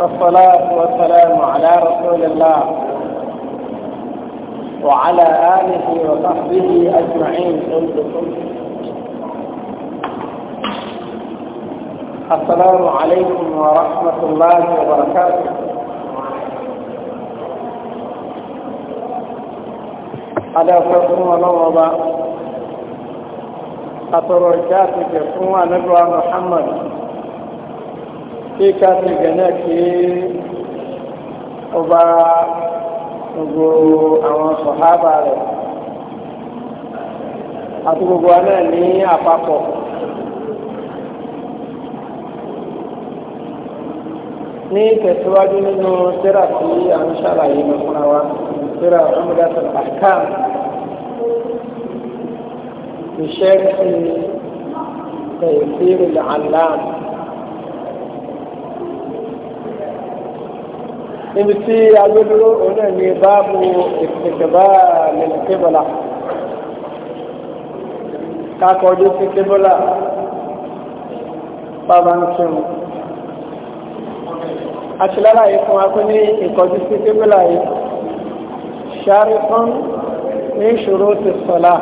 والصلاة والسلام على رسول الله وعلى آله وصحبه أجمعين السلام عليكم ورحمة الله وبركاته على نوضا ونوضع أتركاتك فهو نبوى محمد kí káàkiri gánà kí ó bá gbogbo àwọn sọ̀hábà rẹ̀ àti gbogbo wa náà ní àpapọ̀. ní tẹ̀síwájú nínú sẹ́rà tí a ń ṣàlàyé mẹ́fúnra wa sẹ́rà ọmọdéṣẹ́ àkàm ìṣẹ́ ti tẹ̀síìrì làlám. níbi tí agbẹdúró òun náà ní báàbù ìpèkèbá lẹ́nu kébọlà kakọjú sí kébọlà bàbá ń kírun àṣìlára yìí fún wa pé ní ìkọjú sí kébọlà yìí ṣáàrí fún ní ìṣòro ti sọlá.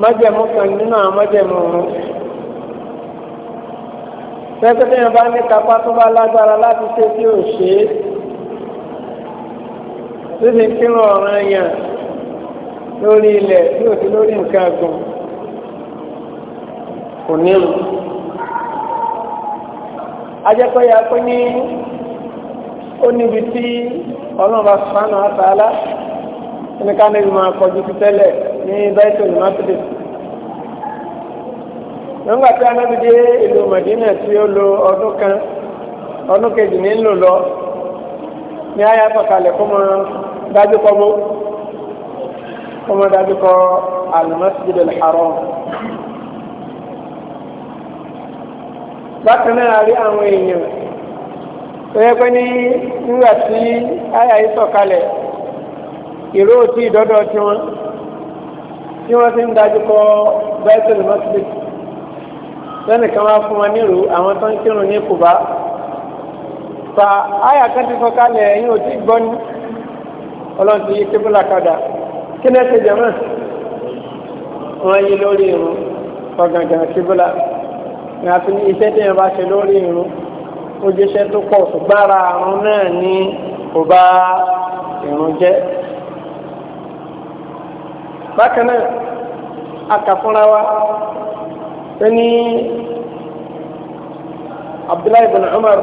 májẹ̀mú kan nínú àwọn májẹ̀mú ọ̀run pẹ́ẹ́pẹ́ téèyàn bá ní kápá tó bá lágbára láti ṣe tí ò ṣe é síbi kírun ọ̀ràn yàn lórí ilẹ̀ tí ò sí lórí nǹkan ọ̀gbìn kò nílùú. ajẹ́pẹ́ ya pé ní ó níbi tí ọlọ́run bá sùpánù àtàlá ní ká níbi máa kọjú sí tẹ́lẹ̀ ní bẹ́ẹ̀tì olùmọ́tìlẹ̀sì nígbà tí anábì dé ìlú Mẹdínà tí ó lo ọdún kan ọdún kejì ní lò lọ ní àyà sọ̀kalẹ̀ kó mọ dájú kọ́ bó kó mọ dájú kọ́ al-Masjid al-Haram. bákan náà rí àwọn èèyàn tó yẹ pé ní nígbà tí àyà yìí sọ̀kalẹ̀ ìró tí ìdọ́dọ̀ tiwọn tí wọ́n ti ń dájú kọ́ Baitul Masjid lẹ́nìkan wá fún wọn nírú àwọn tó ń kírun ní kùbá fa àyà kan ti sọ kalẹ̀ ẹ̀yin ò tí gbọ́ ní ọlọ́run ti yí kébùlà kadà kí ni ẹ ṣe jẹ̀mọ́ wọ́n yí lórí irun ọ̀gàngàn kébùlà ní àti iṣẹ́ tí yẹn bá ṣe lórí irun ó jẹ́ iṣẹ́ tó pọ̀ ṣùgbọ́n àrùn náà ní kò irun jẹ́ bákan náà a kà fúnra wa sani abdullahi bin umar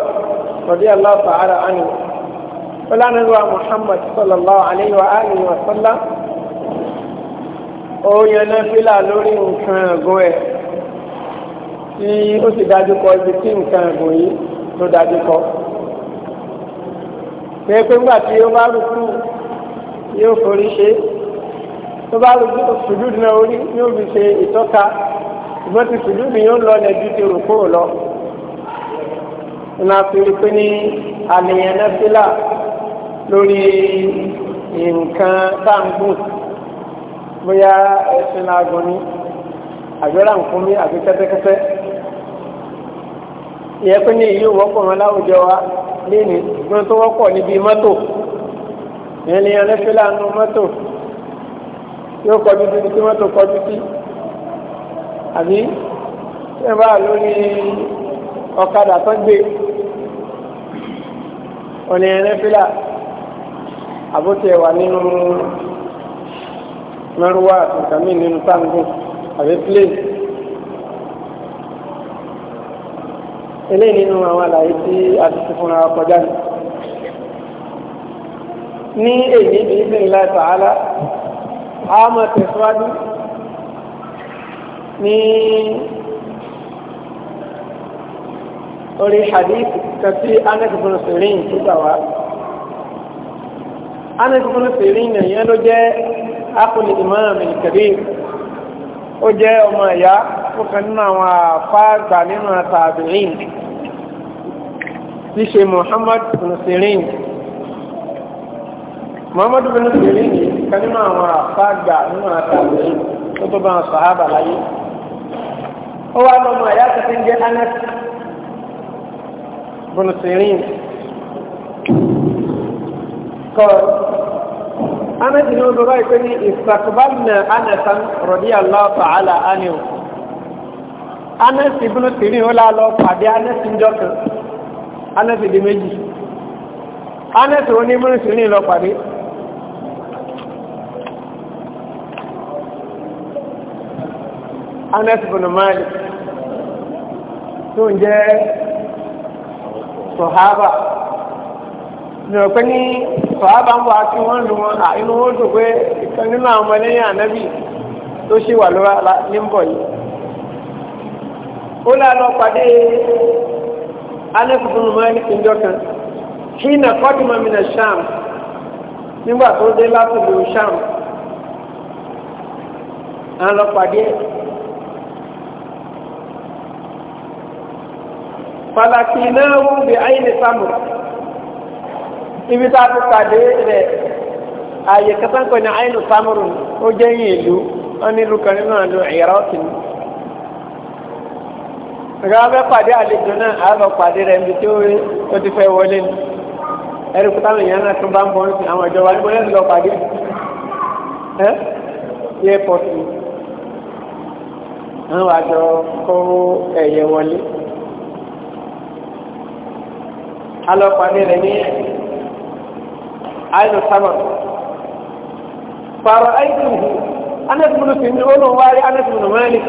radiyallahu ta'ala anhu wala ni wa muhammad sallallahu alayhi wa alihi wa sallam ó yan nafila lórí nǹkan ẹ̀gọ́ ẹ̀ tí ó sì dájú kọ ibi tí nǹkan ẹ̀gọ́ yìí ló dájú kọ pé pé ńgbà tí ó bá rúkú yóò forí ṣe tó bá rúkú sùdúdú náà orí yóò fi ṣe ìtọ́ka ṣùgbọ́n ti sùdú mi yóò lọ lẹ́bi ti rò kúrò lọ. ìmọ̀ àfihàn pé ní àlèyàn nẹ́fílà lórí nǹkan táǹgùn bóyá ẹ̀sìn láago ní àgbẹ̀rà nǹkan mi àbí kẹ́tẹ́kẹ́tẹ́. ìyẹn pé ní èyí ò wọ́pọ̀ wọn láwùjọ wa léni ṣùgbọ́n tó wọ́pọ̀ níbi mọ́tò ìyẹn lèyàn nẹ́fílà nù mọ́tò yóò kọjú sí ibi tí mọ́tò kọjú sí àbí ṣé bá lórí ọ̀kadà tó gbé òní ẹ̀rẹ́ fílà àbótí ẹ̀wà nínú mẹ́rùwá ìkàmí nínú táǹgù àbí plane eléyìí nínú àwọn àlàyé tí a ti fúnra kọjá ní ní èyí ní ìsìn láì tààlà a máa tẹ̀síwájú ní orí hadith kan tí anẹ́kùnrin sirin tó gbà wá anẹ́kùnrin sirin nìyẹn ló jẹ́ akọni imam al ó jẹ́ ọmọ ìyá fúnkan nínú àwọn àfáàgbà nínú àtàbìrin tí ṣe muhammad bin sirin muhammad bin sirin kan nínú àwọn àfáàgbà nínú àtàbìrin tó tó ó wá lọ́mọ ẹ̀yà kan tí ń jẹ́ Anas bin Sirin kọ́ Anas ní odò báyìí pé ní ìsàkùbánà Anasan radiyallahu ta'ala anhu Anas bin Sirin ó lálọ́ pàdé Anas ń jọ kan Anas di méjì Anas ó ní bin Sirin lọ pàdé. tó ń jẹ́ sọ̀hábà mi ò ní sọ̀hábà ń bọ̀ àti wọ́n lu wọn à inú wọn dùn pé ìkan nínú àwọn ọmọlẹ́yìn ànábì tó ṣì wà lóra ní ń bọ̀ yìí. ó pàdé ní kan kí nà mi nà sham nígbà tó dé sham falaki náà wù bí àyìn sàmù ibi tá a ti pàdé rẹ̀ ààyè kẹsàn-án ní àyìn sàmù ó jẹ́ yín ìlú wọn ní ìlú kan nínú àlọ́ ìyàrá òsì ni. nga fẹ́ pàdé àlejò náà a lọ pàdé rẹ̀ níbi tí ó ti fẹ́ wọlé ni ẹ̀rí kúta àwọn èèyàn náà tún bá ń bọ̀ sí àwọn ìjọba níbo lẹ́nu lọ pàdé ẹ́ yẹ pọ̀ sí i àwọn àjọ kó ẹ̀yẹ wọlé. alọ́pàá rẹ̀ ní àìlù sámà fàrọ̀ àìkùnhù anẹ́sùnmùnú ti ní olùwárí anẹ́sùnmùnú mẹ́rin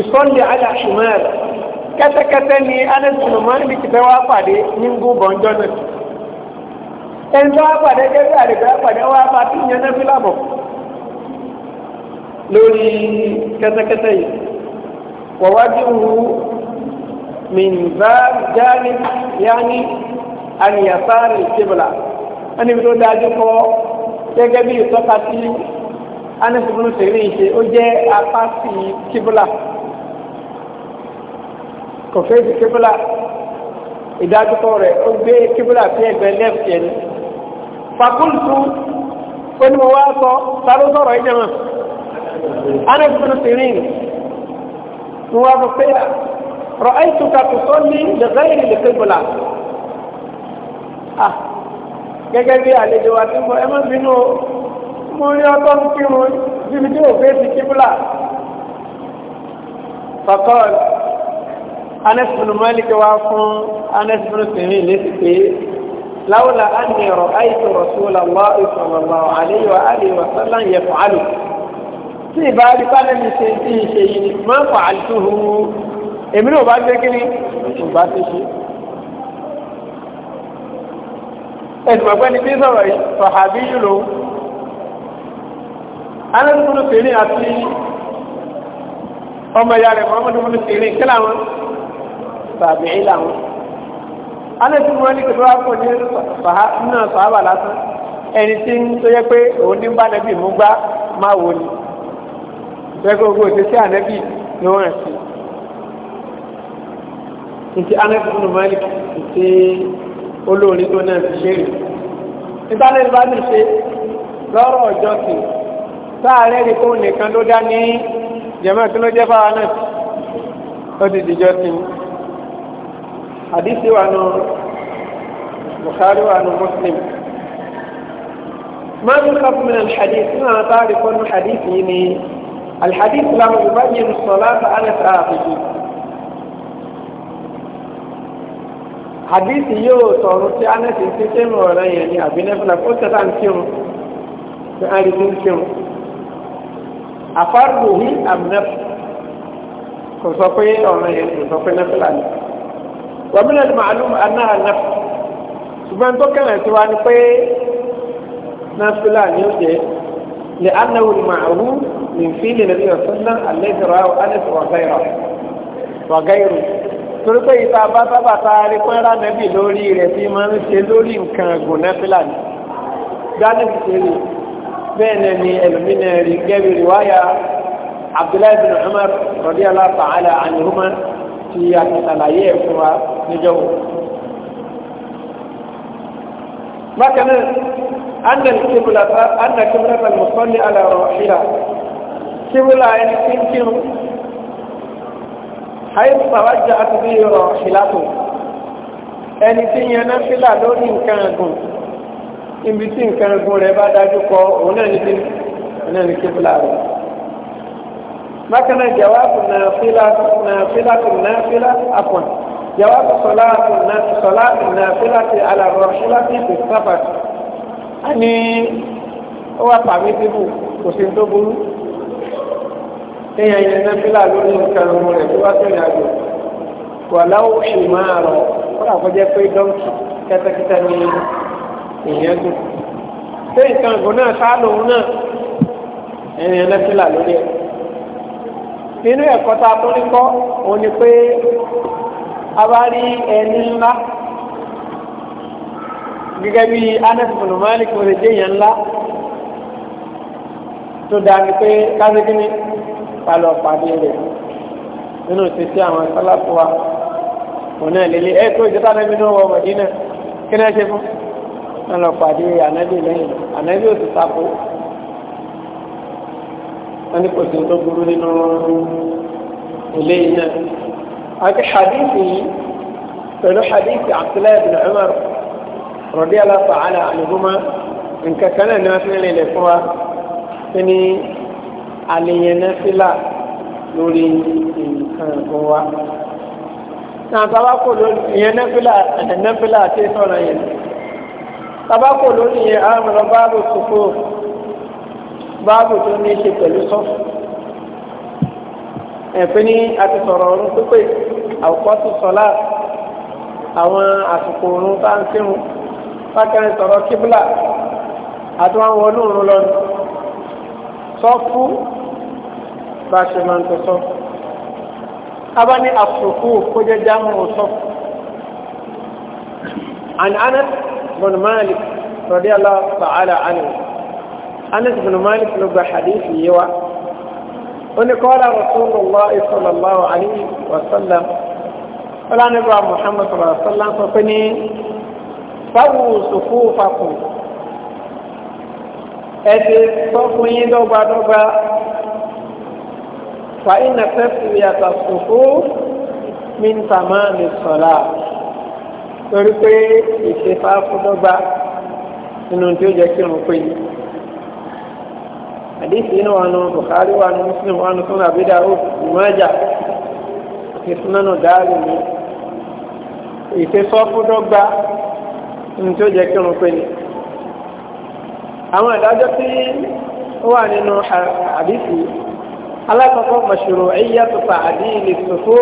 ìsọ́lẹ̀ aláṣùmẹ́rin kẹ́tẹ́kẹ́tẹ́ ni anẹ́sùnmùnú mẹ́rin ti fẹ́ wá pàdé ní gbogbo ọjọ́ náà ẹnjọ́ wá pàdé gẹ́gẹ́ wọ̀wájú hu mìíràn jáde yáni àníyàsáàrì ìkébùlà wọn níbi tó dájú kọ gẹ́gẹ́ bí ìtọ́ka tí anẹ́sìbùnú sèrí ṣe ó jẹ́ apá sí kíbùlà kọ̀fẹ́sì kíbùlà ìdájúkọ rẹ̀ ó gbé kíbùlà sí ẹgbẹ́ lẹ́fì ẹni fakultu ó ní mo wá sọ sáró sọ̀rọ̀ ìjẹmọ̀ anẹ́sìbùnú sèrí mo wá sọ rọ̀ àìsùkà tó ní lẹ́gbẹ́rì lẹ́kẹ́gbọ̀là Ah, gẹ́gẹ́ bí àlejò wa ti ń bọ̀ bínú o mo rí ọkọ ń kírun bíbi tí òfé ti kíbúlà fakọ́ọ̀lù Anas bin Malik fún Anas bin Sèmí pé láwùlà á ní ọ̀rọ̀ àìsí rọ̀ṣúlà wá ìfọ̀mọ̀mọ̀ àléyọ̀ àléyọ̀ sọ́lá yẹ fún àlù tí ìbá rí pálẹ̀ mi ṣe tí ì ṣe yìí máa fà tó hu èmi náà bá gbé kí ni ìbá ti ṣe. ẹ̀dùnmọ̀gbẹ́ni tí sọ̀rọ̀ sọ̀hàbí yìlò alẹ́sùnmùnú àti ọmọ ìyá rẹ̀ mọ́mọ́dúnmùnú sèrí tàbí ìlàwọn alẹ́sùnmùnú ní kìtọ́ àpò ní olórin tó náà fi ṣe rè ìtàlẹ́ bá ní ṣe lọ́rọ̀ ọjọ́ sí sáàrẹ́ ni kó nìkan ló dá ní jẹ̀mọ́ kí ló jẹ́ fáwa náà ó ti dìjọ́ sí i wa nù Bukhari wa nù Muslim ما يخاف من الحديث ما تعرف أن الحديث يعني الحديث له يبين الصلاة على الآخرين àdìsí yóò tọrùn tí anẹ́sì ti ṣe ń rọrẹ́ yẹn ni àbí nẹ́fẹ̀lá kó tẹ́tà ń kírun tí a rí ti ń kírun. àfárùbù hí àmúnẹ́fù kò sọ pé ọ̀rọ̀ yẹn kò sọ pé nẹ́fẹ̀lá ni. wàmílẹ̀ ni màálù aná ànẹ́fù ṣùgbọ́n tó kẹ́lẹ̀ sí wa ni pé nẹ́fẹ̀lá ni ó jẹ́ lè anáwó màálù nìfíìlì nàbí ọ̀sán náà àlẹ́ ìdọ̀rọ̀ àwọn anẹ́fẹ̀ wàgáyìrọ̀ wàgáyìrọ̀ torí pé ìta bá sábà taari pẹ́ńrà nẹ́bì lórí rẹ̀ fi máa ń ṣe lórí nǹkan ẹ̀gùn nẹ́fìlà ni gánà ti ṣe rí bẹ́ẹ̀ náà ni ẹlòmínà rí gẹ́bí rí wáyà Abdullahi bin Umar radiyallahu ta'ala anhuma ti àtàlàyé ẹ̀ wa níjọ́ wọn. ẹni tí ń kírun ayé fàwájà àti bí rọ̀ ṣìlátò ẹni tí yẹn náà fílà lórí nǹkan ẹ̀gùn ibi tí nǹkan ẹ̀gùn rẹ̀ bá dájú kọ òun náà ní bí òun náà ní kíbla rẹ̀. bákan náà jawaabu náà fílà náà fílà tó náà fílà àpọ̀n jawaabu sọlá tó náà sọlá náà fílà tó alàrọ̀ ṣílá tó ti sábà. a ní ó wà pàmí kò sí tó burú kéèyàn yẹn nẹ́fílà lórí nǹkan ọmọ rẹ̀ tó bá tẹ̀lé àgbò wà láwọ̀ ṣì máa rọ̀ kọ́lá kọjá pé dọ́ǹkì kẹ́tẹ́kẹ́tẹ́ ní ìyẹn gùn. ṣé nǹkan ọ̀gbọ̀n náà ká lòun náà ẹ̀yìn nẹ́fílà lórí ẹ̀. nínú ẹ̀kọ́ tá a tó ní kọ́ òun ni pé a bá rí ẹni ńlá gẹ́gẹ́ bí Anas bin Malik lè dé yẹn ńlá tó dáa ni pé káṣíkíní palọ̀ pàdé rẹ̀ nínú títí àwọn sálàtò wa òun náà lélẹ̀ ẹ tó ìjọba náà nínú ọmọ Mẹdínà kí náà ṣe fún wọn lọ pàdé ànábì lẹ́yìn ànábì ò sì sáko wọn ní kò sí tó burú nínú ilé náà àti hadithi yìí pẹ̀lú hadithi Abdullahi bin Umar rọ̀díyàlá fàánà àlùbọ́mà nǹkan kan náà ni wọ́n fi ń rìn lè fún wa kí ni àlèyàn nẹ́fílà lórí nǹkan ẹ̀gbọ́n wa. náà tabako lórí ìyẹn nẹ́fílà nẹ́fílà àti sọ̀rọ̀ yẹn tabako lórí ìyẹn àmọ̀ràn báàbò kòkó báàbò tó ní í ṣe pẹ̀lú sọ́fù ẹ̀pẹ́ ní àti sọ̀rọ̀ ọ̀run pípé àwòkọ́tù sọ́lá àwọn àsìkò ọ̀run tá ń kírun fákẹ́rin sọ̀rọ̀ kíbùlà àti wọn wọnú ọ̀run lọ́nà sọ́fú bá ṣe máa ń tọ́ sọ́fú abá ní àsùkú kó jẹ́ jámù sọ́fú عن أنس بن مالك رضي الله تعالى عنه أنس بن مالك لقى حديث يوى أن قال رسول الله صلى الله عليه وسلم قال نبي محمد صلى الله عليه وسلم فقني فووا صفوفكم ẹsẹ̀ tọ́kùn yín dọ́gbadọ́gba fàyínà tẹ́sílì àtàkùnkù mìntàmá ní sọ̀lá torí pé ìṣèfà fúdọ́gba nínú tí ó jẹ́ kí n pè yí. àdìsí inú wa nù Bukhari wa nù Muslim wa nù Sunan Abi Dawud ìmọ̀ọ́jà àti Sunanu dáàbì mi ìṣèfà fúdọ́gba nínú tí ó jẹ́ kí n pè yí. àwọn ìdájọ́ tí wà nínú àdìsí alákọ̀ọ́kọ́ mọ̀ṣúrò ẹ̀yà tuta àdìlì tòfó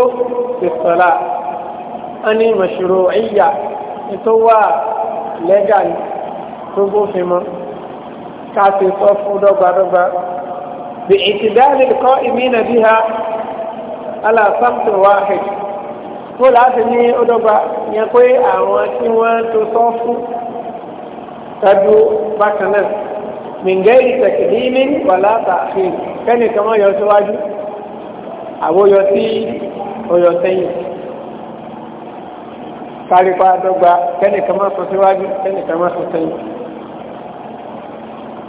tòsọ̀lá wọ́n ní mọ̀ṣúrò ẹ̀yà tó wà lẹ́gà tó bófin mọ́ ká sọ fún dọ́gbadọ́gba bí ìtìdáàlì kọ́ ìmínà bí ha aláàfáàtò wáhìd kó láti ní ó yẹn pé àwọn tí wọ́n tó sọ fún kájú bákan náà mìngẹ́rì tẹ̀kìlímì wà látàkì kẹ́nì kan máa yọ síwájú àwòyọ sí ọyọ sẹ́yìn kárípa dọ́gba kẹ́nì kan máa sọ síwájú kẹ́nì kan máa sọ sẹ́yìn.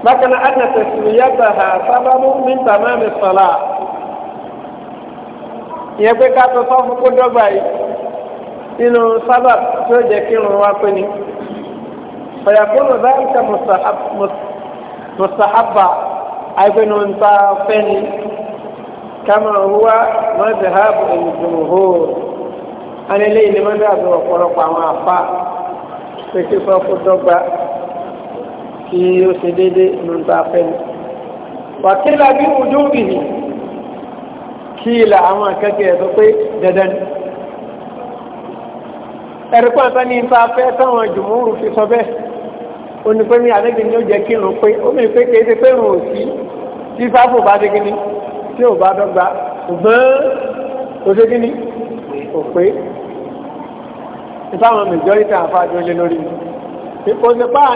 bákan náà àná tẹ̀síwì yàtọ̀ ha sábàbù mìta máa mi sọ̀la ìyẹn pé ká tó sọ́fún kó dọ́gba yìí nínú sábà tó jẹ́ kírun wá pé ni. فيكون ذلك مستحب مستحبا أيضا أنت فني كما هو مذهب الجمهور أنا لي لماذا أقول مع فا فكيف أقول كي يسدد من تافن وكلا بوجوبه كلا أما كتير تقول ددن ẹ̀rí pàtàkì ní ìta fẹ́ táwọn jùmúrù fi sọ bẹ́ẹ̀ onípe ní ni ó jẹ́ kí irun pé ó mìíràn pé kìí ṣe pé irun ò sí tí sáfò bá dé kíní tí ò bá dọ́gba ṣùgbọ́n ó ṣe kíní kò pé ìfáwọn majority àfáàjọ lé lórí mi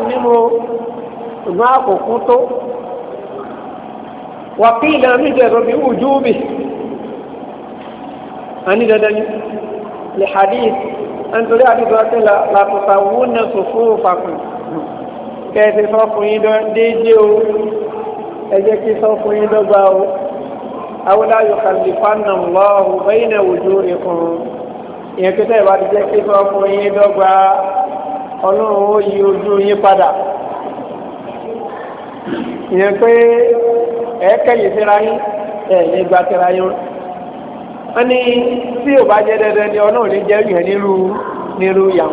nínú ṣùgbọ́n àkókò tó wà kí ìlànà mi jẹ́ ojú mi ni lè hadith ẹni torí àdìgbò ọtí la kò sàwọ́n náà sòfò fàkùn. kẹ́ẹ̀sì sọ́kùnrin déédéé o ẹ jẹ́ kí sọ́kùnrin dọ́gba o awúlá yóò kàlí fánà lọ́hùn bẹ́yìn náà wòjú ikùn ìyẹn pété ìwà ti jẹ́ kí ọlọ́run ó yí ojú yín padà ìyẹn pé ẹ̀ẹ́kẹ́yìn síra yín síra yín wọ́n ní tí ò bá jẹ́ dandan ni ọlọ́run jẹ́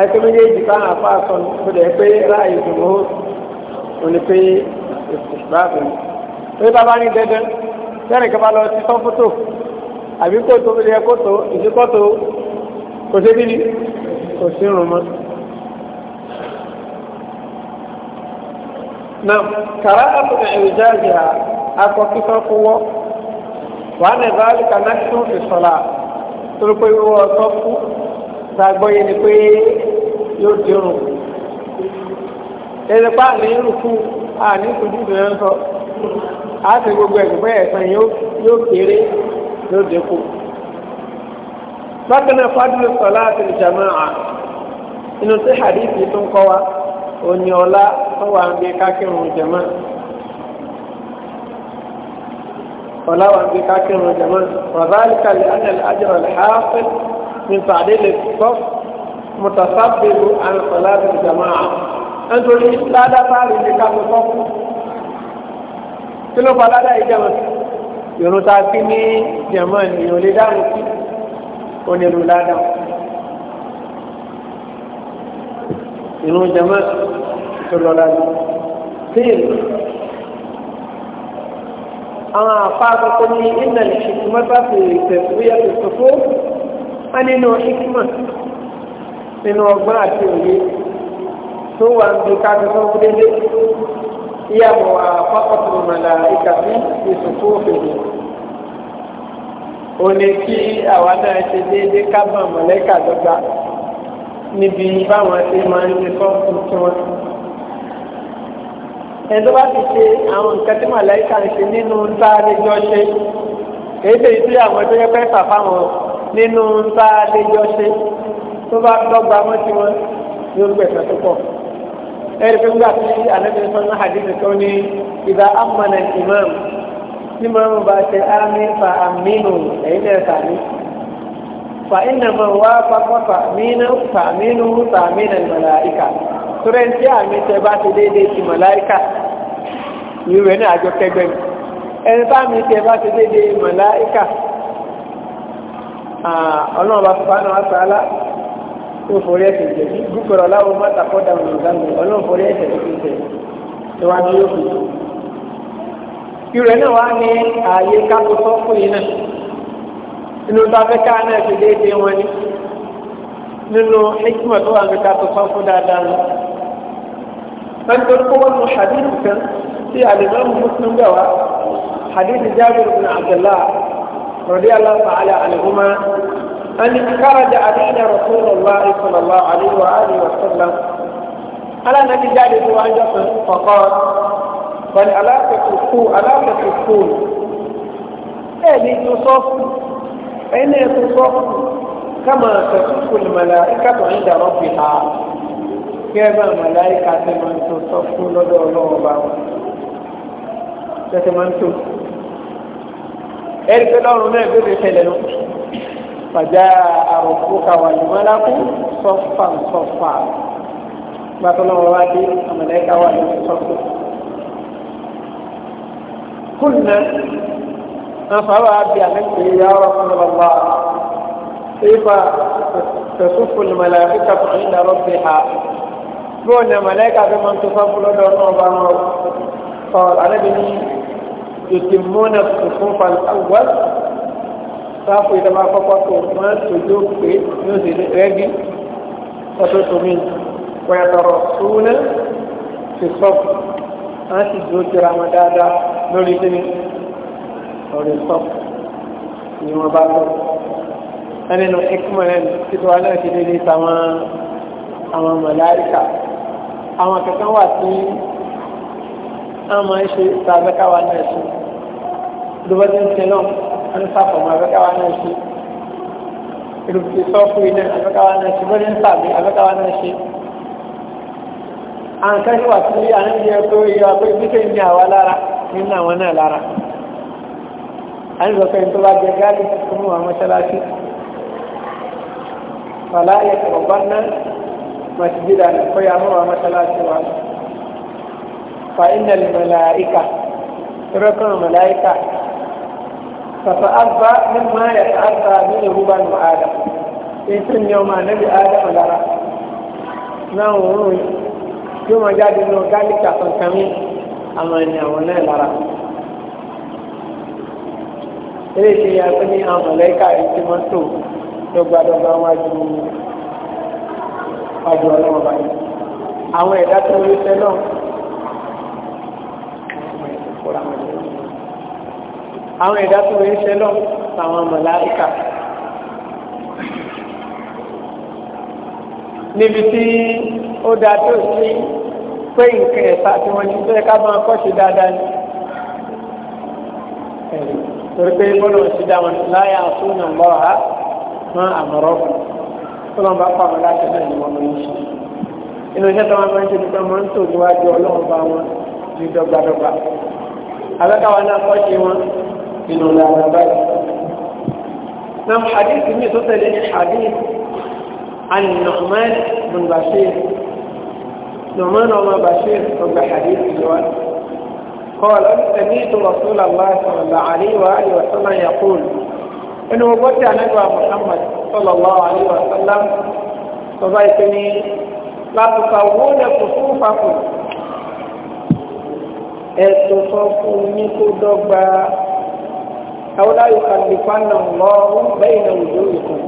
àìsí méjèèjì káwọn afá sọ kó lè pé ráàyè ìdùnnú òní pé ìsìnkú pé bàbá ní dẹdẹ sẹ́rìn kí a bá lọ sí sọ́fótò àbí kòtò ilé ẹ̀kọ́tò ìdíkọ́tò kò sí bí kò sí rùn mọ́. na kàrá àtúnṣe ìrìjà ìjà akọ kíkọ́ fúwọ́ wà á nẹ̀bá àlùkà náà tún ìsọ̀lá torí pé wíwọ́ ọ̀tọ́ gbàgbọ́ yẹn ni pé yóò di òrùn ẹ̀rẹ̀ pa a ìtújú sọ á gbogbo ẹ̀sìn pé ẹ̀sìn yóò kéré yóò dínkù. bákan náà fadúlù sọlá àti ìjàmọ́ à inú sí hadith tó ń kọ́ wa òní ọ̀la tó wà ń gbé kákìrún jàmọ́ ọ̀la wà ń gbé kákìrún min tàdélé tọ́ mùtàsábìlú àlùfàlàbì jàmáà nítorí ládàbà rẹ̀ ní ká tó tọ́ kí ló fa ládàá yìí jàmáà yòrò tá a fi ní jàmáà ní yòrò lè dáhùn sí onílù ládàá inú jàmáà tó wọ́n nínú hikmọ̀ nínú ọgbọ́n àti òye tó wà ní káàkiri tó ń délé ìyàwó àpapọ̀tò màláìka sí ìsòkò òfèèrè ó ní kí àwa náà ṣe déédé ká bá màláìka dọ́gba níbi báwọn ṣe máa ń ṣe fọ́ọ̀mù tí wọ́n ti ẹni tó bá ti ṣe àwọn nǹkan tí màláìka ń ṣe nínú ń tá a lè jọ ṣe èyí tó yẹ kí àwọn tó yẹ pẹ́ fà fáwọn nínú nta àlejò ṣe tó bá dọ́gba mọ́ sí wọn yóò gbẹ̀sẹ̀ tó pọ̀. ẹ̀rí pé nígbà tí àlejò sọ ní hadith tó ní ìdá amọ̀nà imam tí màá bá ṣe ámì fa àmínú ẹ̀yìn náà sàmì. fa iná mọ̀ wá pápá fa àmínú fa àmínú fa àmínú màláìka. tùrẹ̀ǹtì àmì tẹ bá ti déédéé ti màláìka. ìwé náà àjọ kẹgbẹ́ mi. ẹni bá mi tẹ bá ti déédéé màláìka. Ah, ọlọ́run bá fipá náà sàálà tó forí ẹ̀sẹ̀ jẹ̀ bí gbúgbọ̀rọ̀ láwọn má takọ́ dànù ìdáhùn ọlọ́run forí ẹ̀sẹ̀ tó fi jẹ̀ tó wá ní yóò fi jù. ìrẹ̀ náà wá ní ààyè kákòókò fún yìí náà inú bá fẹ́ ká náà fi déédéé wọn ni nínú hikima tó wà ní kákòókò fún dáadáa lọ. wọ́n ti tó wọ́n mú hadith kan tí alimami muslim gbà wá hadith Jabir bin Abdullah radiyallahu ta'ala anhuma أن خرج علينا رسول الله صلى الله عليه وآله وسلم على نبي ذلك وأنجز فقال قال ألا تكفون ألا تكفون أهلي تصف أين تصف كما تصف الملائكة عند ربها كما ملائكة من تصف لدى الله تتمنتم ẹ̀rí pé lọ́rùn náà gbé fàjà àròkúkà wà lùmọ́lákú sọ́fà sọ́fà gbàtọ́ náà wá dé àmàlẹ́kà wà lórí sọ́fà. kúnnà àfàwà àbí àlẹ́kùn yà ọ̀rọ̀ fún ọlọ́wà sífà tẹ̀sùfù lùmọ̀lákà tó ń darọ́ bí ha bóun ní àmàlẹ́kà bí wọ́n tó fọ́ fúlọ́dọ̀ náà bá wọn kọ́ àlẹ́bí ní ìtìmúnà tuntun fàlùwà sáfù ìjọba kọ́kọ́ tó máa ń tójú pé yóò sì rẹ́gí ọdún tó mi pẹ̀tọ̀rọ̀ súnà ti sọ́ọ̀bù á sì dúró jura wọn dáadáa lórí kíni ọ̀rẹ́ sọ́ọ̀bù ni wọ́n bá lọ. ẹnìnú ẹkùnmọ̀lẹ́ títí wa náà ti dé ní tàwọn àwọn màláíkà àwọn kankan wà tí wọ́n máa ń ṣe tàbí káwa náà ṣe ló bá ń tẹ náà ń sàfọ̀mọ́ abẹ́káwá náà ṣe ìrùkì sọ́ọ̀kù iná abẹ́káwá náà ṣe bọ́dé ń sàmì abẹ́káwá náà ṣe àǹkan ṣe wà sí àníyàn tó yọ pé bíkẹ́ ní àwa lára nínú àwọn náà lára àníyàn pẹ̀lú tó bá jẹ gáàlì fún àwọn mọ́ṣáláṣí fàlá yẹ kọ̀ọ̀bá náà màṣíjìdá kó yà mọ́ àwọn mọ́ṣáláṣí wa fa iná màláíkà rẹ́kọ̀ọ́ màláíkà فتأذى مما يتأذى منه بنو آدم ìsìn ni ọmọ ànábì ádámù lára náà òórùn yóò máa jáde ní ọgáníkà kankan mi àwọn ènìyàn àwọn náà lára. eré ṣe ya pé ní àwọn mọ̀lẹ́kà ìtì mọ́tò dọ́gbadọ́gba wájú wájú ọlọ́wọ́ báyìí. àwọn àwọn ẹ̀dá tó ń ṣe lọ àwọn màláíkà níbi tí ó da tó sí pé nǹkan ẹ̀ta tí wọ́n ti fẹ́ ká máa kọ́ṣe dáadáa ni torí pé bọ́lá ò sí dá wọn láyà fún nàmbọ́ ha máa àmọ̀rọ̀ kù tó lọ́n bá pàmò láti náà ni wọ́n máa ń ṣe inú iṣẹ́ tó wọn máa ń ṣe nípa máa ń tò níwájú ọlọ́run bá wọn ní dọ́gbadọ́gba àbẹ́káwa náà kọ́ṣe wọn nínú dáadáa báyìí na hadith mi tó tẹ̀lé ní hadith an Nu'man bin Bashir Nu'man ọmọ Bashir ọgbà hadith ìjọba قال سمعت رسول الله صلى الله عليه وآله وسلم يقول إنه قلت عن أبو محمد صلى الله عليه وسلم فضيتني لا تصوون كفوفكم ẹ tó sọ fún yín kó dọ́gba aw la yukallifanna Allahu bayna wujuhikum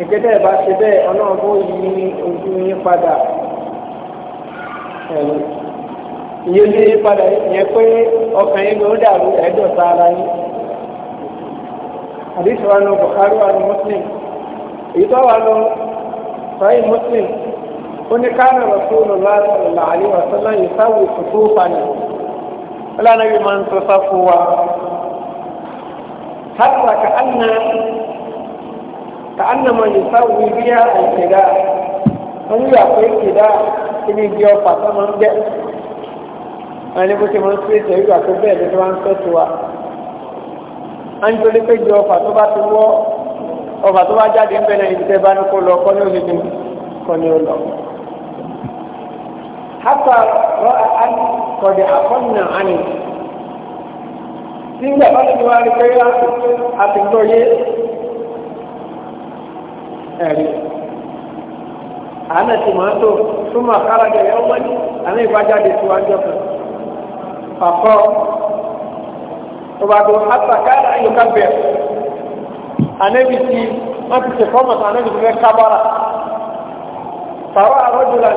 ìgbésẹ̀ bá ṣe bẹ́ẹ̀ ọlọ́run bó yí ojú yín padà iye ojú yín padà yẹn pé ọkàn yín ló dàrú ẹ̀ẹ́dọ̀ta ara yín àdìsí wa nù Bukhari wa nù Muslim èyí tó wà lọ sahih Muslim ó ní káàmì Rasulullah yìí tuntun fani yìí máa ń sáfù wa. حتى كأن كأنما يسوي بها الابتداء wọ́n yà pé kìdá kíní bí ọ̀pá tó máa ń jẹ́ wọ́n ní bó ti máa ń sí ètò ìgbà tó bẹ́ẹ̀ ló máa ń tọ́tù wa a ń torí pé jọ ọ̀pá tó bá ti wọ́ ọ̀pá tó bá jáde ń nígbà bá ti wá rí pé àtìgbọ́ yé ẹ̀rí àánà tí màá tó súnmọ́ àkàràjọ yẹn wọ́n ní àná ìbájáde tí wọ́n jọ kan pàkọ́ òbàdàn àtàkárà yóò ká bẹ̀rẹ̀ ànẹ́bí tí wọ́n ti ṣe fọ́mọ̀tà ànẹ́bí tí wọ́n kábàrà fàwọn àrọ́jùlá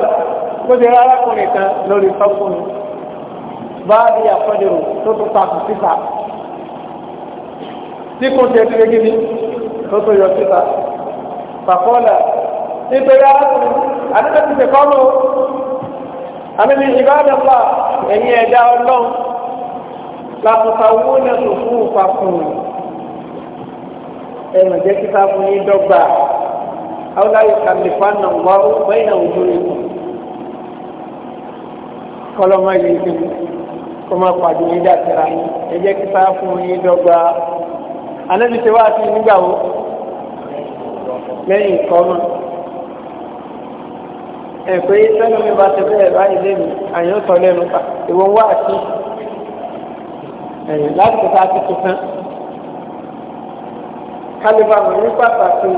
bó ṣe rárákùnrin kan lórí sọ́kùnrin bá a di àfọ́dẹ̀rò tó tó ta kù síta tí kò tẹ̀ sí gẹ́gẹ́ ní tó tó yọ síta fàkọ́lá nítorí arákùnrin àdúgbò ti ṣe kọ́mù àmì ìbádọ́fà ẹ̀yìn ẹ̀dá ọlọ́run làkùnkà owó náà tó fún ìpapùn ẹ̀mọ̀ jẹ́ kíkà fún yín dọ́gba awúláyò kàmìfà náà wà ó bẹ́yìn àwọn ojú rẹ̀ kọ́lọ́mọ yìí kọ́mọ pàdé yín dàtẹ́ra yín ẹ̀jẹ̀ kíkà fún yín dọ́gba. Ànábì ṣe wáàsí nígbà wo lẹ́yìn ìkọ́mọ̀ ẹ̀ pé sẹ́nu mi bá ti bẹ́ẹ̀ báyìí lẹ́nu àyàn sọ lẹ́nu pa ìwọ wáàsí ẹ̀yìn láti kọta ti tuntun kálífà mọ̀ ní pàtàkì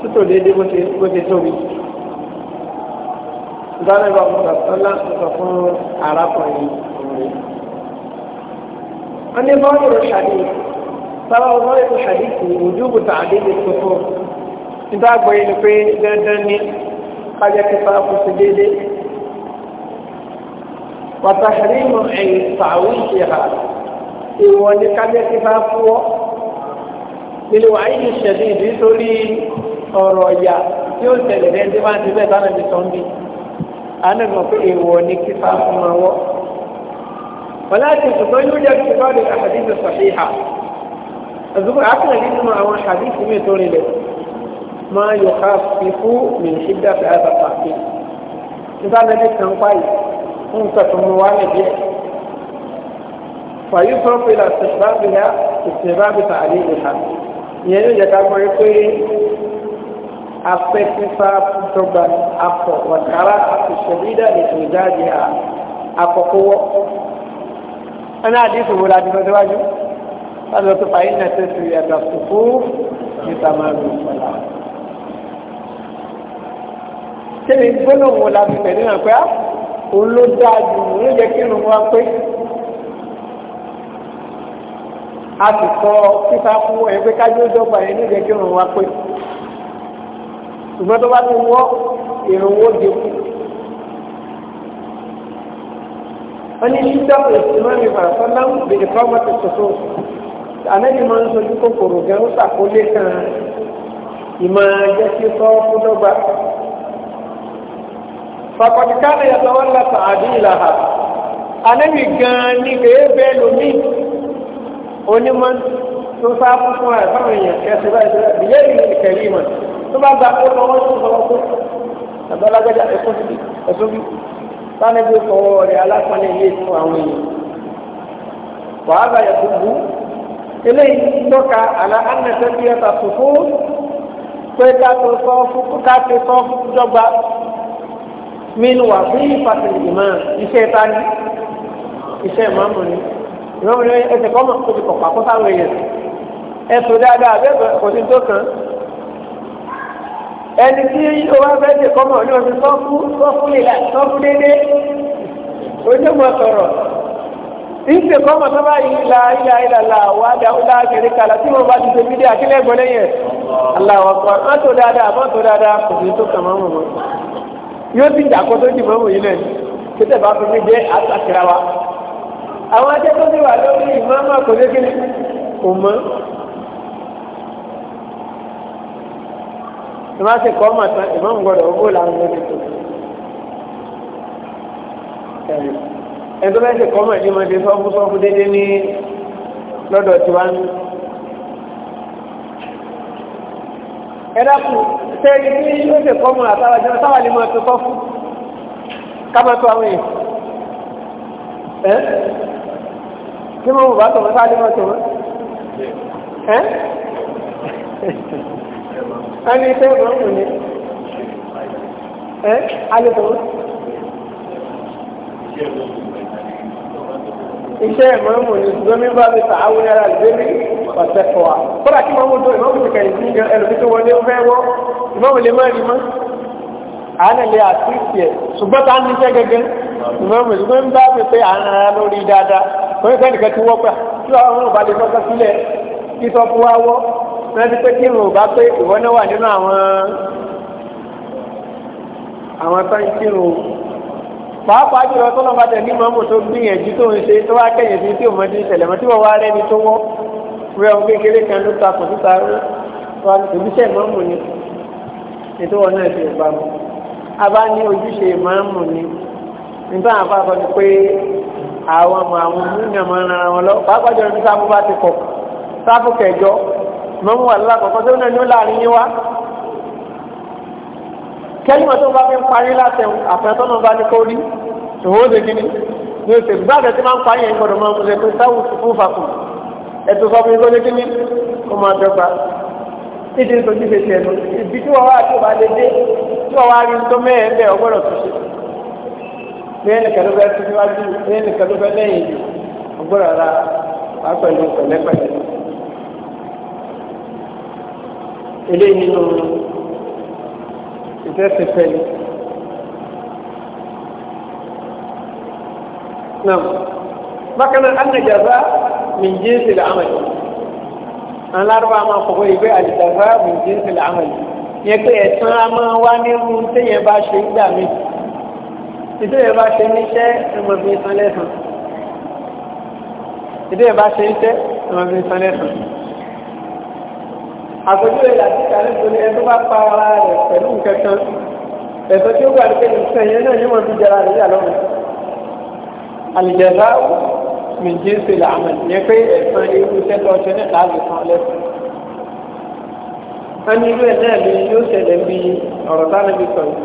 títò déédéé bó ṣe tóbi ìdánilọ́ ọ̀pọ̀ sọ́lá sọ fún arákùnrin ọ̀rẹ́. wọ́n ní bọ́ọ̀lù ṣàdéhùn sábà ọmọ ètò ṣàdíkù ojúbù tàbí ìtòkò nígbà àgbọ̀yé ni pé dandan ni kájẹ́ kí sáfù sí déédé pàtàkì mọ̀ ẹ̀yìn sàwù ìṣèhà ìwọ ni kájẹ́ kí sáfù wọ́ nínú wàá yìí ṣẹ̀dí nítorí ọ̀rọ̀ ọ̀yà tí ó tẹ̀lé ní ẹni tí wọ́n ti bẹ́ẹ̀ sáré sọ́ndì àánú pé ìwọ ni kí sáfù wọ́n láti ṣùgbọ́n yóò jẹ́ kí الزبر عقل الإجماع هو حديث ميتوني له ما يخفف من شدة في هذا التحقيق إذا نجد تنقاي أنت تنوان بيه فيصرف إلى استحبابها استحباب تعليمها يعني يجب أن يكون أفتفى تبا أفو وكراءة الشديدة لإزاجها أفقوة أنا حديث ولا تتواجه Kalau tu tó nanti náà tó fi kita fòfó ní sàmánù ìfọ̀lá. Kéde gbólóhùn wo la fi pẹ̀lú náà pé òun ló dáa jù ló yẹ kí irun wa pé. A sì kọ fífa fún ẹgbẹ́ kájú ìjọba yẹn ló yẹ kí irun wa pé. Ṣùgbọ́n tó bá ti wọ́ irun wo di kù. Wọ́n ní ṣíṣọ́ ìsúná mi fàràfọ́ náà bèrè fọ́ọ̀mù ti àmẹ́ni máa ń sojú kòkòrò gan ó sàkólé kan ìmọ̀ jẹ́ kí sọ́ fún dọ́gba. Fàkọ̀tí káàdì yàtọ̀ wọn lọ sàádì ìlàhà. Ànábì gan ni èébẹ̀ lomi onímọ̀ tó sá fún fún ẹ̀ fáwọn èèyàn kẹsì báyìí sílẹ̀ bìyẹ́ ìlú kẹrí mọ̀. Tó bá gba ó lọ wọ́n tó sọ̀rọ̀ fún àgbàlagbàjà ẹ̀kọ́ síbi ẹ̀sọ́ bí. Sáni bí fọwọ́ rẹ̀ alákọ̀ọ́lẹ̀ yé fún àwọn èèyàn. Wàhálà yàtọ̀ bú eléyìí tọ́ka àlà ánẹ́sẹ́bí ẹ̀ta fòfó pé ká tó sọ fún ká tó sọ fún dọ́gba mínú wà fún ìfàsìlì ìmọ̀ iṣẹ́ ta ni iṣẹ́ ìmọ̀ọ́mù ni ìmọ̀ọ́mù ni ẹsẹ̀ kọ́ mọ̀ kó ti kọ̀pá kó sáwọn èèyàn ẹ̀sùn dáadáa bẹ́ẹ̀ kò ní tó kàn ẹni tí ó wá fẹ́ ṣe kọ́mọ̀ ní oṣù sọ́fún sọ́fún lè sọ́fún déédéé ojú mọ̀ sọ̀rọ̀ ìṣe kọ́mọ̀ tó bá yìí la ilà ilà la wà á dáhùn láà kẹrin kàlà tí mo bá ti ṣe fídíò àkílẹ̀ gbọ́lẹ̀ yẹn aláwọ̀ kan má tó dáadáa má tó dáadáa kò sí tó kàn mọ́mọ́ mọ́ yóò ti jà kó tó jì mọ́mọ́ yìí náà tètè bá fi mí jẹ́ àtàkìrà wa àwọn akẹ́kọ̀ọ́ ti wà lórí ìmọ̀ọ́mọ́ kò dé kí ni kò mọ́ ìmọ̀ àti kọ́ ọmọ tán ìmọ̀ ń gbọ́dọ̀ owó làwọn ọmọdé tó ẹ̀tọ́ bẹ́ẹ̀ ṣe kọ́mọ̀ ní mo ṣe sọ́fú sọ́fú déédéé ní lọ́dọ̀ tiwa ní. ẹ dákun ṣé ẹni tí ó ṣe kọ́mọ̀ àtàwọn àjọ táwọn ni mo ṣe sọ́fú ká máa tó àwọn èèyàn. ẹ kí mo bá tọ̀mọ́ sáà ni mo tọ̀mọ́. ẹ ẹ ní ṣé ìmọ̀ ń wù ẹ alẹ́ tọ̀mọ́. iṣẹ́ ìmọ̀ọ́mù ni domi bá mi ta àwọn ará ìdébí ọ̀sẹ̀ kọ̀ wa. kódà kí mọ̀mú tó ìmọ̀mù ti kẹ̀yìn sí gan tó wọlé ó fẹ́ wọ́ ìmọ̀mù lè má rí mọ́. àánà lè àti ìsìẹ̀ ṣùgbọ́n tá a ní iṣẹ́ gẹ́gẹ́ ìmọ̀mù ìgbẹ́ ń bá mi pé àánà lórí dáadáa wọ́n fẹ́ nìkan wọ́n pàápàá jùlọ tó lọ́ba tẹ̀ ní mọ́mọ́ tó gbìyànjú tó ń ṣe tó wá kẹ́yìn sí tí òmọdé ìṣẹ̀lẹ̀ mọ́ tí wọ́n wá rẹ́ni tó wọ́ rẹ́ ohun kékeré kan ló takò síta rẹ́ wọn òbíṣẹ́ mọ́mọ́ ni ètò wọn náà ṣe ìbámu abá ní ojúṣe mọ́mọ́ ni nígbà àwọn afáfọ́ ni pé àwọn ọmọ àwọn múnà máa ń ran wọn lọ pàápàá jùlọ ní sáfù bá ti kọ̀ sáfù kẹjọ mọ́mọ́ wà lọ́la kọ̀ọ̀kan tó náà ní kẹ́lìmọ̀ tó bá fi ń parí látẹ̀wọ̀n àfẹ́tọ́ náà bá ní kó rí ṣòwò lè gíní ní oṣù gbàdẹ tí máa ń parí yẹn gbọdọ̀ máa ń múlẹ̀ pé sáwù fún fàkùn ẹ̀tọ́ fọmọ ìgbọ́n lé gíní kó máa dọ́gba títí ní tòjú fèsì ẹ̀nu ibi tí wọ́n wá tí wọ́n bá lè dé tí wọ́n wá rí tó mẹ́ẹ̀ bẹ́ẹ̀ ọgbọ́dọ̀ tó ṣe bí ìfẹ́ ti fẹ́ ni. Nam bákan náà ana jaza min jinsi al-amali. Àwọn lárúbá máa fọwọ́ ìwé àlìjaza min jinsi al-amali. Yẹ pé ẹ̀sán a máa wá nínú téèyàn bá ṣe gbà mí. Ìdíyẹ̀ bá ṣe níṣẹ́ ẹmọ mi san lẹ́sàn. Ìdíyẹ̀ bá ṣe níṣẹ́ ẹmọ mi san àpèjúwe ìdàtí kàní tó ní ẹtọ́ bá pa ara rẹ̀ pẹ̀lú nǹkan kan ẹ̀tọ́ tí ó gbà nípa nǹkan yẹn náà yóò fi jẹra rẹ̀ yàrá wọn. àlìjẹ̀dá mi jí sí làmì ní pé ẹ̀sán irú iṣẹ́ tó ṣe ní láàbì kan lẹ́sìn. wọ́n ní irú ẹ̀ náà ni yóò ṣẹlẹ̀ bí ọ̀rọ̀ táwọn ibi sọ̀rọ̀.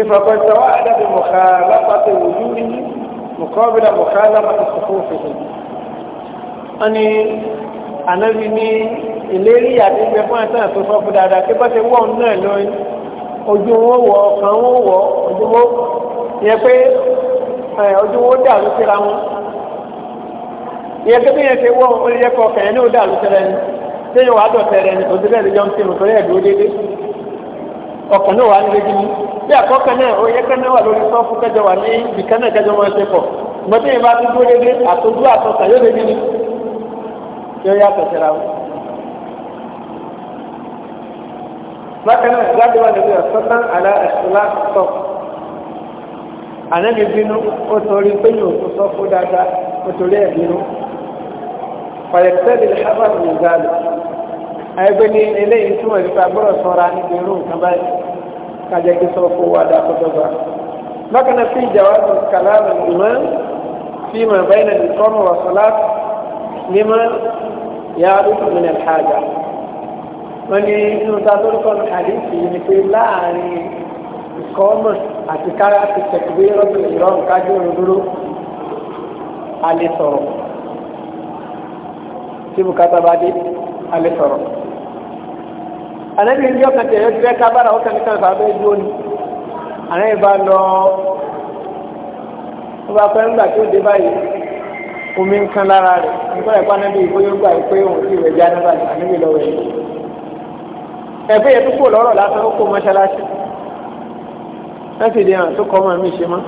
ìfọ̀kọ̀tọ̀ wà á dàbí mọ̀ká lápapọ̀ ìwòjú rí mọ̀kọ́ ànábi ní ìlérí àti ìgbẹ́ fún àtàn tó sọ fún dáadáa pé bọ́sẹ̀ wọ́n náà lọ ojú wọn wọ ọkàn wọn wọ ojú wọn yẹ pé ojú wọn dàrú síra wọn ìyẹn tó bí yẹn ṣe wọ́n ó yẹ kọ ọkàn yẹn ní o dàrú síra ẹni téèyàn wàá dọ̀tẹ̀ rẹ ni òsì bẹ́ẹ̀ lè jọ ń sinmi torí ẹ̀dúró dédé ọkàn náà wàá nílé jìnnì bí àkọ́kọ́ náà ó yẹ kẹ́ni wà lórí sọ́ọ̀fù kẹjọ wà ní ibìkan náà kẹjọ wọn ṣe pọ̀ mọ́tò yẹn ṣé ó yàtọ̀ síra wọn. bákan náà ìgbàdùn wà níbi ọ̀sán àlá ẹ̀ṣọ́lá sọ ànábi bínú ó torí pé yóò tó sọ fún dáadáa ó torí ẹ̀ bínú fàyẹ̀tẹ́lì harvard ní gaàlù ẹgbẹ́ ní eléyìí túmọ̀ nípa gbọ́dọ̀ sọ́ra níbi irú nǹkan báyìí kájẹ́ kí sọ fún wa dáa kọjọ́ gbà. bákan náà fi ìjà wá sí kàlámù ìmọ̀ fíìmù bẹ́ẹ̀ náà ní sọ́mù wà sọ́lá mímọ́ yàrá min al-haja wọ́n ní inú ta tó lọ́kọ́ ní àdéhùn yìí ni pé láàrin ìkọ́mọ̀ àti kára ti tẹ̀kùwé rọ́bì ìrọ̀rùn kájú òun dúró alẹ́ sọ̀rọ̀ tí bùkátà bá dé alẹ́ sọ̀rọ̀ anabi ndi ọkàn tẹ ẹ tẹ kábàrà ọkàn ní kan fàbẹ dúró ni anabi bá lọ wọ́n bá fẹ́ ńgbà dé báyìí omi ń kan lára rẹ̀ nígbà ẹ̀kọ́ anábì ìbóyó gbà pé òun sì rẹ̀ já nígbà níbi lọ́wọ́ ẹ̀. ẹ̀fẹ́ yẹn tó kò lọ́rọ̀ lásán ó kó mọ́ṣáláṣí láti di hàn tó kọ́ mọ́ mi ṣe mọ́.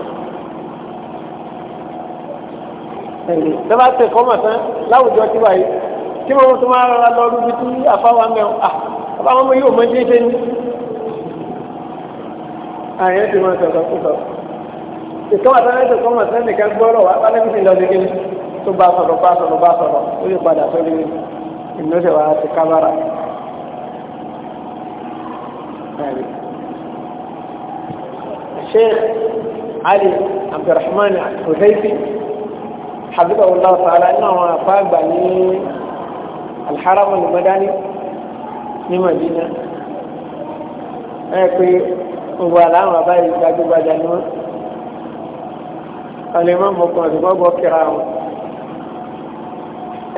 lọ́ba tẹ̀ kọ́ mọ̀ tán láwùjọ tí wàá yìí tí mo tún máa rọra lọ rúbi tí àfáwà mẹ́wọ̀n à ah, àbáwọn ọmọ yóò mọ déédéé ní. àyẹ̀ ti máa sọ̀rọ̀ kó sọ̀rọ̀ ìtọ́wà tán láti kọ́ mọ̀ tán nìkan gbọ́rọ̀ tó bá sọ̀rọ̀ bá sọ̀rọ̀ bá sọ̀rọ̀ ó lè padà sórí ìmúlẹ̀sẹ̀ wa ti kábàrà. الشيخ علي عبد الرحمن الحذيفي حفظه الله تعالى انه فاق بني الحرم المدني ní Madina ẹ pé gbogbo aláwọn abáyé gbajúgbajà ni wọn ọlẹ́mọ̀ mọ̀kàn ọ̀dùnkọ́ gbọ́ kíra wọn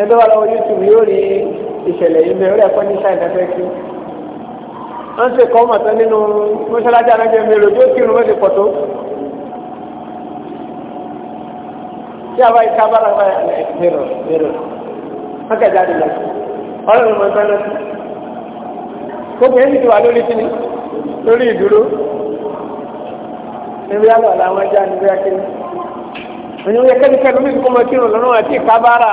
ẹgbẹ́ wa lọ́wọ́ youtube yóò rí ìṣẹ̀lẹ̀ yìí bẹ́ẹ̀ ó rẹ̀ kọ́ ní ṣáìdá fẹ́ kí. wọ́n ṣe kọ́ mọ̀tọ́ nínú mọ́ṣáláṣí anájẹ́ mi lòdì ó kírun mọ́ṣẹ́ pọ̀ tó. tí a bá yí ká bára bá mérò mérò wọ́n kẹ̀ jáde lọ. ọlọ́run mọ̀ sọ́nà sí. gbogbo yẹn ti wà lórí kíni lórí ìdúró. níbi yálò àlà wọn já níbi akérè. ònyìnbó yẹ kẹ́ni kẹ́ni omi kò mọ kírun lọ́nà àti ìkábára.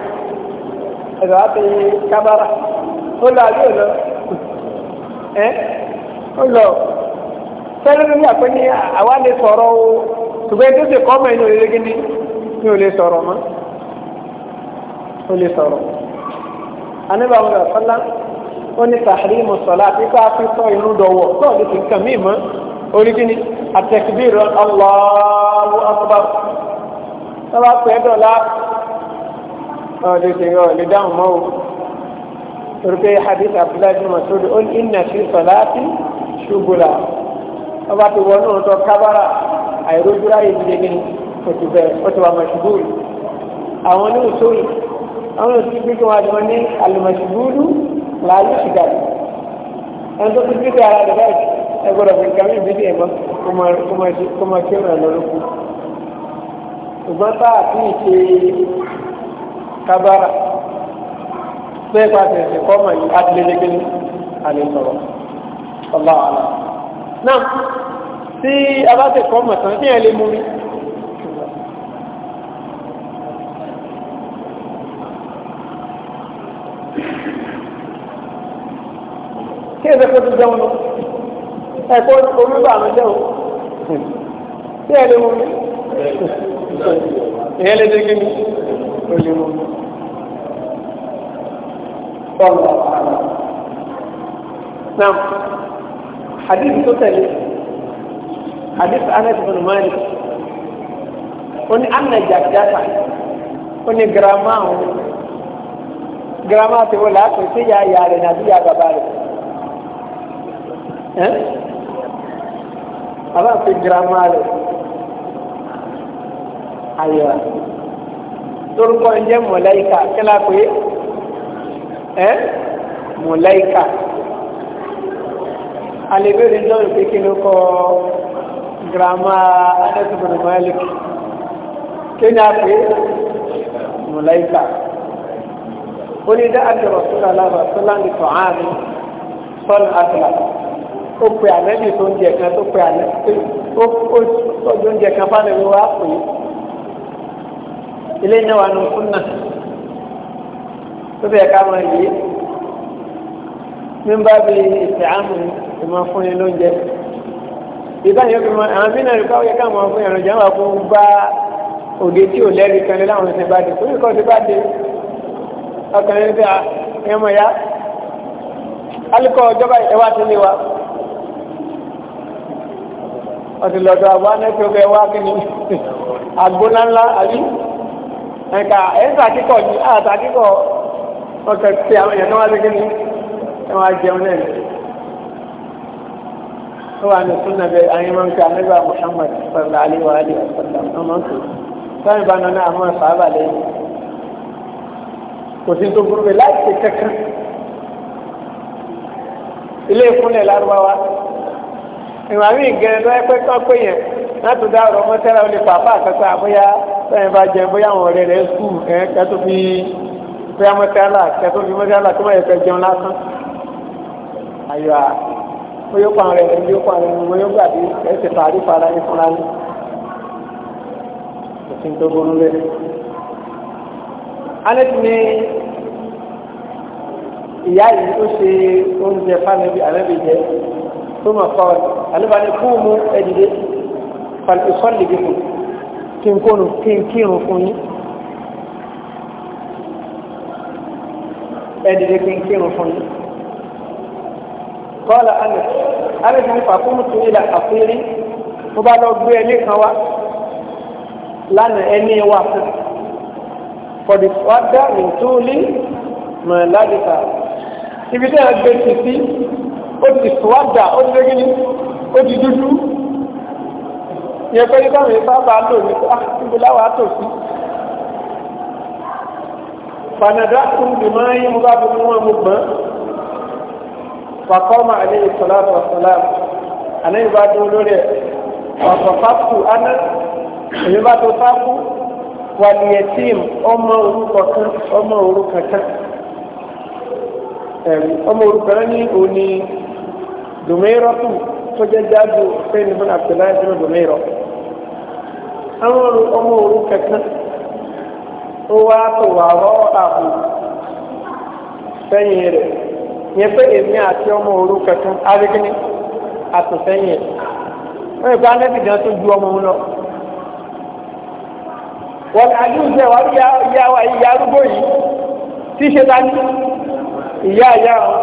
ẹ̀rọ àti kábàrà ó lọ àbí ò lọ ẹ́ ó lọ sẹ́lẹ̀ ló ní àpé ní àwa lè sọ̀rọ̀ o ṣùgbọ́n ẹni tó ṣe kọ́ mẹ́rin olè gíní ní olè sọ̀rọ̀ mọ́ olè sọ̀rọ̀ anábà wọn lọ sọ́lá ó ní sàárì mùsọ̀lá àti kó a fi sọ inú dọ̀wọ̀ tó ọ̀dọ̀ ti nǹkan mí mọ́ orí gíní àtẹ̀kùbí rọ Allahu akbar tọ́wọ́ pẹ́ dọ̀la ọ̀lẹ tèmi ọ̀lẹ dáhùn mọ́ o torí pé hadith abdullahi bin masoud ó ní inna fi salati ṣubula ọba tó wọ náà tó kábàrà àìrójúra ìdílé ní oṣù bẹ́ẹ̀ ó ti wà mọ̀ṣubúrù àwọn ní òṣòrì àwọn òṣì pípé wọn àjọ ní àlùmọ̀ṣubúrù láàyè ṣìgà ẹni tó ti pípé ara rẹ̀ báyìí ẹgbọ́dọ̀ fi kàmí ìbílẹ̀ ẹ̀mọ́ kó máa ṣe ìrànlọ́rùkú ṣùgbọ́n tá àti kábàrà bẹ́ẹ̀ bá tẹ̀sí kọ́mọ̀ yìí adìlélégélé àlè sọ̀rọ̀ ọlá àlà. náà tí a bá tẹ̀ kọ́mọ̀ tán kí ẹ lè mú mi. kí ẹ fẹ́ tó jẹun lọ ẹ̀kọ́ onígbà mi jẹun kí ẹ lè mú mi. ìyẹn tó lè ronú sọ́ọ̀lù ọ̀hánà. Náà hadith tó tẹ̀lé hadith Anas bin Malik ó ní Anna Jàkjáta ó ní girama àwọn girama ti wọ́n láti ṣe ya ya rẹ̀ torúkọ ń jẹ́ mọ̀láìkà kílá pé ẹ́ mọ̀láìkà alẹ́bẹ̀rẹ̀ ìjọba pé kí ló kọ girama adẹ́sùgbọ̀n malik kí ni a pé mọ̀láìkà ó ní dá àjọrò sọ́lá lábà sọ́lá ní tọ́ àmì sọ́lá àtàlà ó pe àlẹ́bì tó ń jẹ kan tó pe àlẹ́bì ó tọ́jú oúnjẹ kan bá lè wá pè é ilé ní wa nù súnà tó bẹ̀ ká máa yí mi bá bi ìsẹ̀ àmì ìmọ̀ fún ni lóúnjẹ ìbáyọ̀ fi mọ àwọn mìíràn rí káwọ́ yẹ ká máa fún ìrànjẹ́ wà fún bá òde tí ò lẹ́rìí kan lé láwọn ẹsẹ̀ bá dé torí kọ́ ti bá dé ọkùnrin bí ẹ mọ̀ ya alikọ ọjọba ẹwà ti lé wa ọtí lọ́dọ̀ àbọ̀ anẹ́tọ́ bẹ́ẹ̀ wá kí ni àgbóná ńlá àbí ẹ̀ka ẹ̀ka kíkọ̀ ní àtà kíkọ̀ ọ̀kẹ́ tí àwọn èèyàn wá lókè ní ẹwà jẹun náà ó wà ní súnà bẹ ayémọ́nkà nígbà Muhammad sọ̀rọ̀ àlewà àlewà sọ̀rọ̀ ọmọkù sọ́yìn bá nọ́nà àwọn sàábà lẹ́yìn kò sí tó burú bẹ láti ṣe kankan ilé ìkúnlẹ̀ lárúbáwá ìwà mí gẹ̀rẹ́ lọ́yẹ́ pẹ́ kọ́ pé yẹn láti dá ọ̀rọ̀ mọ́ tẹ́lá olè pàápàá kẹta àbúyá sẹ́yìn bá jẹun bóyá àwọn ọ̀rẹ́ rẹ̀ sùn ẹ̀ kẹtó fi bóyá mọ́ tẹ́lá kẹtó fi mọ́ tẹ́lá tó báyìí fẹ́ jẹun lásán. àyọ̀ à bóyá ó pa àwọn ẹ̀rẹ́ ní ó pa àwọn ẹ̀rẹ́ bóyá ó gbàdí ẹ̀ ti parí para ní fúnra ní. òfin tó gbóná lé. alẹ́ ti ní ìyá yìí ó ṣe oúnjẹ fáwọn ẹbí alẹ́ mi jẹ tó mọ̀ fáwọn alẹ́ bá ní kú mú ẹ̀dìdé fàlùsọ́lì bí fún kí n kónú kí n kírun fún yín ẹ dìde kí n kírun fún yín. kọ́lá alẹ́ alẹ́ ti ń fà fún mutu ilà àfírí mo bá lọ gbé ẹni kan wá lánàá ẹni wà fún fọdí wàdà nìtúlì mọ̀lẹ́dìkà ibi tí a gbé ti sí ó ti wàdà ó ti dé ó ti dúdú yẹ pé nígbà mi sábà lò ní ibi ah, láwa tò sí. fanadá tún bí máa ń yí mo bá fi mú wọn mo gbọ́n. fakọ́mà alẹ́ ìsọ̀lá àtọ̀sọ̀lá alẹ́ ìbá dúró lórí ẹ̀ wàtọ̀fáàkù aná èyí bá tó fáàkù wàlìyẹ̀tìm ọmọ orúkọ kan ọmọ orúkọ kan ọmọ orúkọ náà ní òní dòmẹ́rọ́tù tó jẹ́ jáde fẹ́ẹ́ ní fún Abdullahi dòmẹ́rọ́tù àwọn ọmọ òru kankan ó wá tó wà rọ́ àbò sẹ́yìn rẹ̀ yẹn pé èmi àti ọmọ òru kankan arékíní àtòsẹ́yìn rẹ̀ wọ́n ìgbà nẹ́bìdán tó ju ọmọ òun lọ. wọ́n àdé ìṣe wà ní ìyá arúgbó yìí tí ṣe ta ní ìyá ìyá ọ̀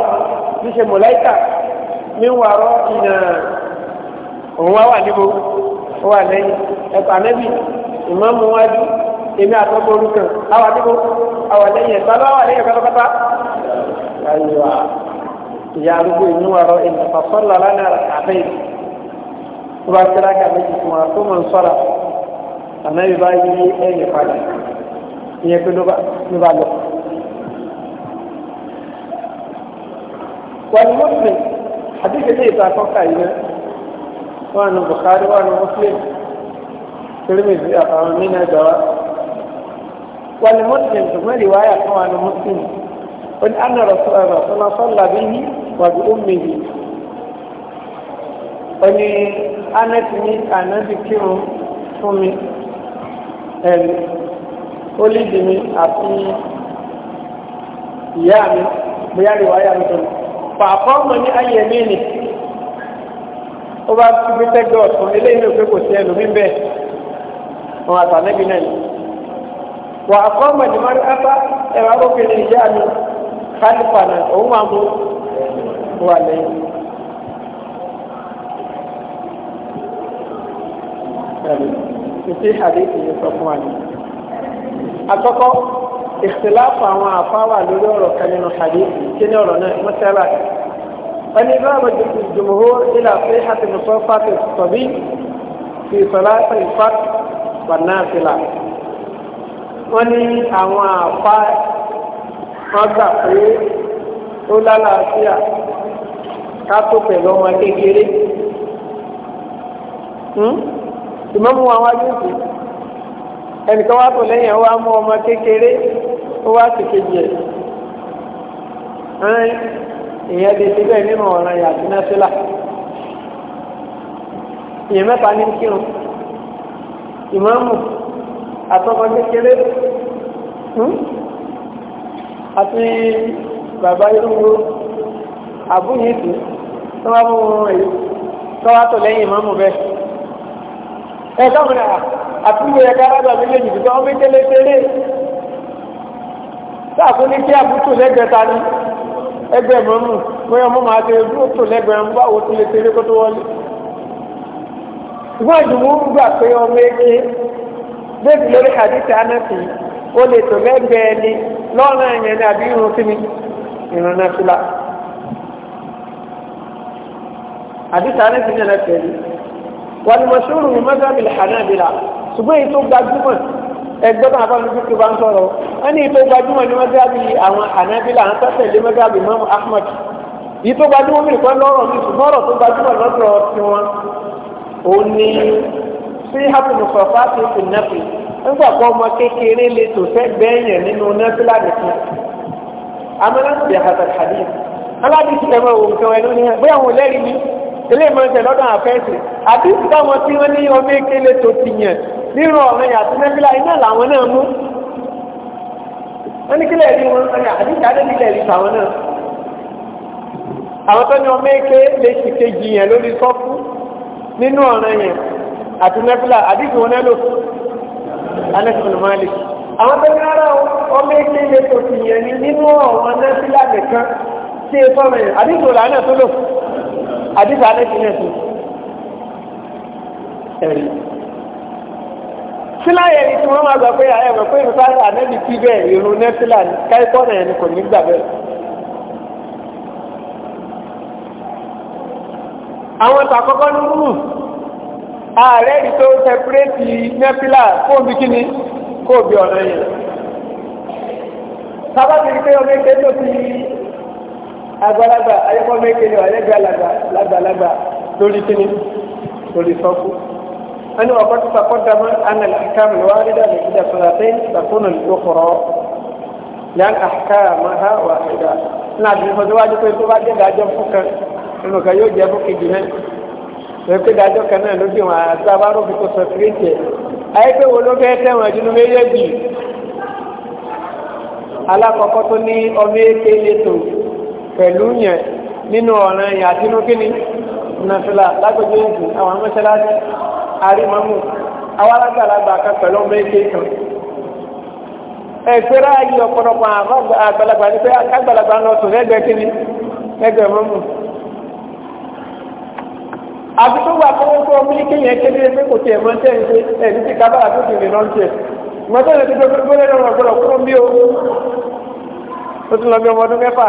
tí ṣe mọ̀láìkà ní wàrọ̀ ìnà òun wá wà níbo wà lẹ́yìn ẹ̀kọ́ ànẹ́bì ìmáàmù wájú èmi àtọ́kọ̀ orúkàn àwọn àdìgbò àwọn àlẹ́yìn ẹ̀ta lọ́wọ́ àlẹ́yìn pátápátá. ayiwa ìyá arúgbó inú ọ̀rọ̀ ìnàfà sọ́lá lánàá àbẹ́yì tó bá tẹ́lá ká méjì fún wa tó mọ̀ ń sọ́ra ànẹ́bì bá yí ẹ̀yìn padà ìyẹn pé ló bá lọ. wàlú mọ́sùlùmí àdìgbò ilé ìta àkọ́kọ́ yìí náà wọ́n àná Bukhari wọ́n àná Tirmidhi àtàwọn mìíràn gbà wá. wọ́n ní Muslim ṣùgbọ́n ìwáyà fún wa ní Muslim ó ní anna Rasulullah sọ́lá sọ́lá bí yí wà bí ó mèyí. ó ní anẹ́tì ní ànábì kírun fún mi ẹ̀rí ó lè dì mí àti ìyá mi bóyá ìwáyà mi tó ní. pàápàá ní ayé mi nì ó bá gbé tẹ́gbẹ́ ọ̀tún eléyìí ló pé kò sí ẹlòmí bẹ́ẹ̀. wọn àtàlẹ́bí náà ni. wà á kọ́ mọ̀jùmọ́rí ápá ẹ̀rọ arókèrè ìyá mi kálífà náà òun máa mú wà lẹ́yìn. Ìsí àdéhùn yìí sọ fún wa ni. Àkọ́kọ́ ìṣìláàfù àwọn àfáwà lórí ọ̀rọ̀ kan nínú hadith kí ní ọ̀rọ̀ náà mọ́sálà ẹni báwọn jùmọ̀hó ilà fẹ́ hàtì mùsọ́fà ti sọ̀bí fi sọ̀lá ìfàtì wànáàfìlà wọ́n ní àwọn àfa wọ́n gbà pé ó lálàáfíà ká tó pẹ̀lú ọmọ kékeré hmm? ìmọ̀mú wa wá lóògùn ẹnìkan wá tó lẹ́yìn wa mú ọmọ kékeré ó wá sì kejì ẹ̀ ìyẹn ti ti bẹ́ẹ̀ nínú ọ̀ràn yàtí ìyẹn mẹ́ta ní kírun ìmáàmù àtọmọ kékeré hmm? àti bàbá irúgbó àbúyí tù tọ́wọ́ mú èyí tọ́wọ́ tó lẹ́yìn ìmáàmù bẹ́ẹ̀. ẹ káwọn àtúgbò yẹ kárábà méjèèjì tó tọ́wọ́ méjèèjì kéré sáàkó ní kí àbútù lẹ́gbẹ̀ta ní ẹgbẹ̀mọ́mù bóyá mọ́ máa tẹ ojú tó lẹ́gbẹ̀ẹ́ ń bá òtún lè tẹ́lé kó tó wọlé. ṣùgbọ́n ìdùnnú ń gbà pé ọmọ eke bẹ́ẹ̀ lórí àdìsí anásì ó lè tò lẹ́gbẹ̀ẹ́ ni lọ́rùn ẹ̀yẹn ni àbí irun sí mi irun náà fúlà. tẹ̀lé wà ní mọ̀ṣúrù ṣùgbọ́n èyí tó gbajúmọ̀ ẹgbẹ́ ń sọ̀rọ̀ wọ́n ní gbajúmọ̀ ní àwọn mọ́mú tó gbajúmọ̀ mi òun ni sí hàpùnùfọ̀ fásitì nàfì nígbàgbọ́ ọmọ kékeré lè tò sẹ́gbẹ́ yẹn nínú nàfìlà nìkan amúnáfìdì hasan hadi aládìsí ẹ̀mọ́ òun kan ẹnu ni bóyá wọn lẹ́rìí ilé ìmọ̀ọ́sẹ̀ lọ́dọ̀ àfẹ́sì tí wọ́n ní ọmọ tó ti yàn ọ̀rẹ́ àti làwọn náà mú wọ́n ní kílẹ̀ wọn tàwọn náà àwọn tó ní ọmọ lórí sọ́fún nínú ọ̀ràn yẹn àti nẹ́fìlà àdìsí wọn lẹ́lò alẹ́sìn malik àwọn tó ní ara ọmọ ẹgbẹ́ ilé tó ti yẹn ni nínú ọ̀ràn nẹ́fìlà nìkan tí e fọ́ọ̀rọ̀ yẹn àdìsí wọn làánà tó lò àdìsí alẹ́sìn yẹn tó ẹ̀rí. sílá yẹn ni tí wọ́n máa gbà pé àyẹ̀wò pé ìrùsá ànẹ́bí kí bẹ́ẹ̀ ìrù nẹ́fìlà káíkọ́ náà yẹn ni kò ní gbà bẹ́ẹ̀. àwọn tàkọ́kọ́ ní mú ààrẹ ìtò sẹpúrẹ́tì nẹ́pílà fóòbí kíní kóòbí ọ̀nà yẹn sábàbí pé ọmọ ẹgbẹ́ tó fi àgbàlagbà ayẹ́kọ́ mẹ́kẹ́ ní ọ̀lẹ́gbẹ́ àgbàlagbà lórí kíní lórí sọ́kù ẹni ọ̀pọ̀ tó sàkọ́ dámọ́ anàlì àkàmù wà rí dàbí ìjà sọ̀rọ̀ àti ìsàkónà ìkọ̀rọ̀ yàn àkàmù ha wà rí dà nínú kan yóò jẹ fún kejì náà pẹ̀lú pé dájọ́ kan náà ló dé wọn àtàbárò fi kò sọ kírètì ẹ̀ ayé pé wo ló fẹ́ tẹ̀wọ̀n ẹ̀dínú méjèèjì alákọ̀ọ́kọ́ tó ní ọmọ èké létò pẹ̀lú yẹn nínú ọ̀ràn yẹn àti inú kíni nàfìlà lágbègbè ìlú àwọn mọ́ṣáláṣí àrímọ́mù àwọn alágbàlagbà kan pẹ̀lú ọmọ èké kan ẹ̀fẹ́rẹ́ ayé ọ̀pọ̀lọpọ̀ àgbàlagbà ní pé àgbàlagbà náà tún lẹ́gbẹ̀ẹ́ kíni lẹ́gbẹ̀ẹ́ mọ́mù àti tó wà fún fún ọmọ ilé yẹn kéde pé kò tiẹ̀ mọ́ tẹ́ ẹ ṣe ẹni tí kábàlà tó kìlì náà ń tẹ̀ mọ́tò yẹn ti tó gbé gbólé lọ́rọ̀ gbọ́dọ̀ kúrò ń bí o ó ti lọ bí ọmọ ọdún mẹ́fà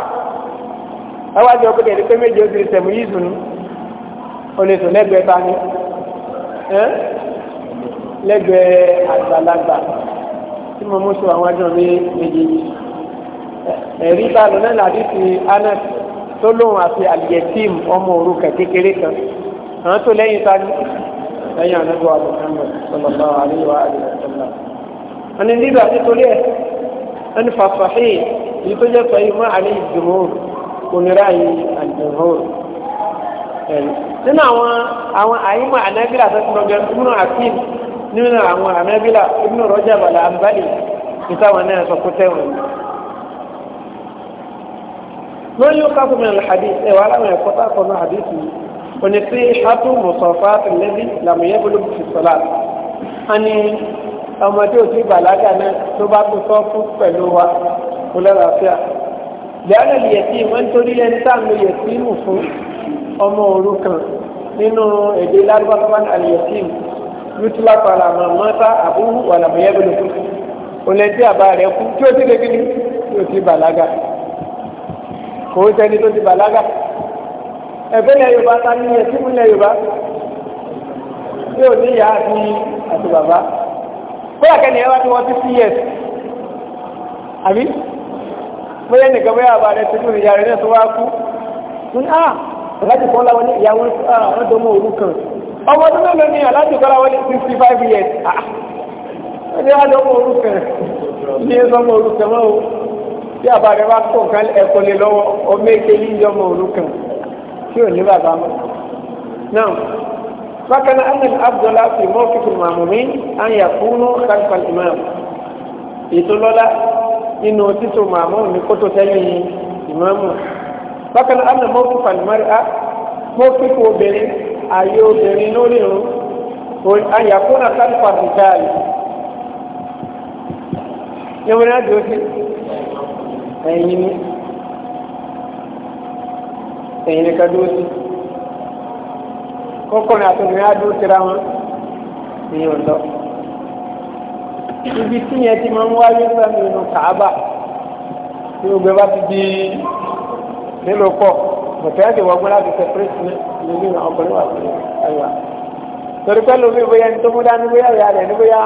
ẹwà jọ pé kẹ̀lé pé méje ojú ìsẹ̀mú yìí sùn ó lè sùn lẹ́gbẹ̀ẹ́ ta ni lẹ́gbẹ̀ẹ́ àgbàlagbà tí mo mú sọ àwọn ajọ́ mi méje ẹ̀rí bá lọ náà láti fi anas tó lóun àti àlìyẹtìm ọmọ òrukàn kékeré kan àwọn tó lẹ́yìn sáájú lẹ́yìn ànágbó àbùkánbọ̀ sọlọ́lá àríwá àdìsọ́lá ẹni nígbà títorí ẹ̀ ẹni fàfàhí èyí tó jẹ́ pẹ̀lú mọ́ àlẹ́ ìdùnnú onírà yìí àdìsọ́lá ẹ̀rí nínú àwọn àwọn àyímọ̀ ànábìlà tó ti lọ́gbẹ̀ẹ́ nínú àfíìn nínú àwọn ànábìlà nínú rọ́jà bàlá àǹbálì ìtawọ̀n náà sọ kó tẹ̀wọ̀n lórí ó kákùnmí àlàhàdì ẹ̀wà aláwọ̀ ẹ̀kọ́ tá a náà àdìsí òní sí hatu mùsọ̀fà tìlẹ́bí làmúyẹ́bùlù fìsọ̀lá a ní ọmọdé òsì bàlágà náà tó bá tó sọ fún pẹ̀lú wa kó lọ́la fíà lẹ́yìn ìyẹ̀tì wọ́n torí ẹni táàmù ìyẹ̀tì mù fún ọmọ òrukàn nínú èdè lárúbáwá àlìyẹ̀tì yútúlá pàlà màmọ́tà àbúrú wà làmúyẹ́bùlù fún olẹ́tí àbá rẹ̀ kú tí ó ti lé kí ni tí ó ti bàlágà kò ó sẹ́ni tó ti bàlágà ẹ̀gbẹ́lẹ̀ yorùbá ta ní ẹ̀ síbúlẹ̀ yorùbá tí ò ní ìyá àti àti bàbá bóyá kẹ́ni ẹ wá tí wọ́n ti sí yẹn àbí bóyá nìkan bóyá àbá rẹ̀ tuntun ìyá rẹ̀ náà tó wá kú ní à ah, aláàjì kan láwọn ní ìyàwó ọdọmọ ah, òru kan ọmọ ọdún mélòó ni aláàjì kan láwọn ní sixty five years ẹni ah, ọdọmọ òru kan ní ọdọmọ òru kan mọ́ o bí àbá rẹ̀ bá kọ̀ nǹkan ẹ̀kọ́ lé lọ́wọ́ ọmọ èké ní ọmọ òru tí ò ní bàbá mọ́. náà bákan náà anil abdullah fi mawqifil ma'mumin an yakunu khalfal imam ètò lọ́lá nínú títò màmú ní kótó tẹ́lẹ̀ ìmáàmù. bákan náà anil mawqifal mar'a mawqifu obìnrin ààyè obìnrin lórí irun an yakuna khalfar rijal yẹ́n wọ́n á dúró sí ẹ̀yìn ni ẹ̀sìn yìí nìkan dúró sí kọ́kọ́rin àtọ̀nìyàn á dúró síra wọn ìyẹn ò lọ. ibi tí yẹn ti máa ń wáyé sẹ́nu inú kàábà tí ogun bá ti di nílò pọ̀ bọ̀tẹ́ ẹ̀ ti wọ́gbọ́n láti sẹ́pẹ́rẹ́tì ní nínú ọkùnrin wà fún ẹ̀yà. torí pẹ́ lómi bóyá ní tó mú dání bóyá rẹ̀ rẹ̀ ní bóyá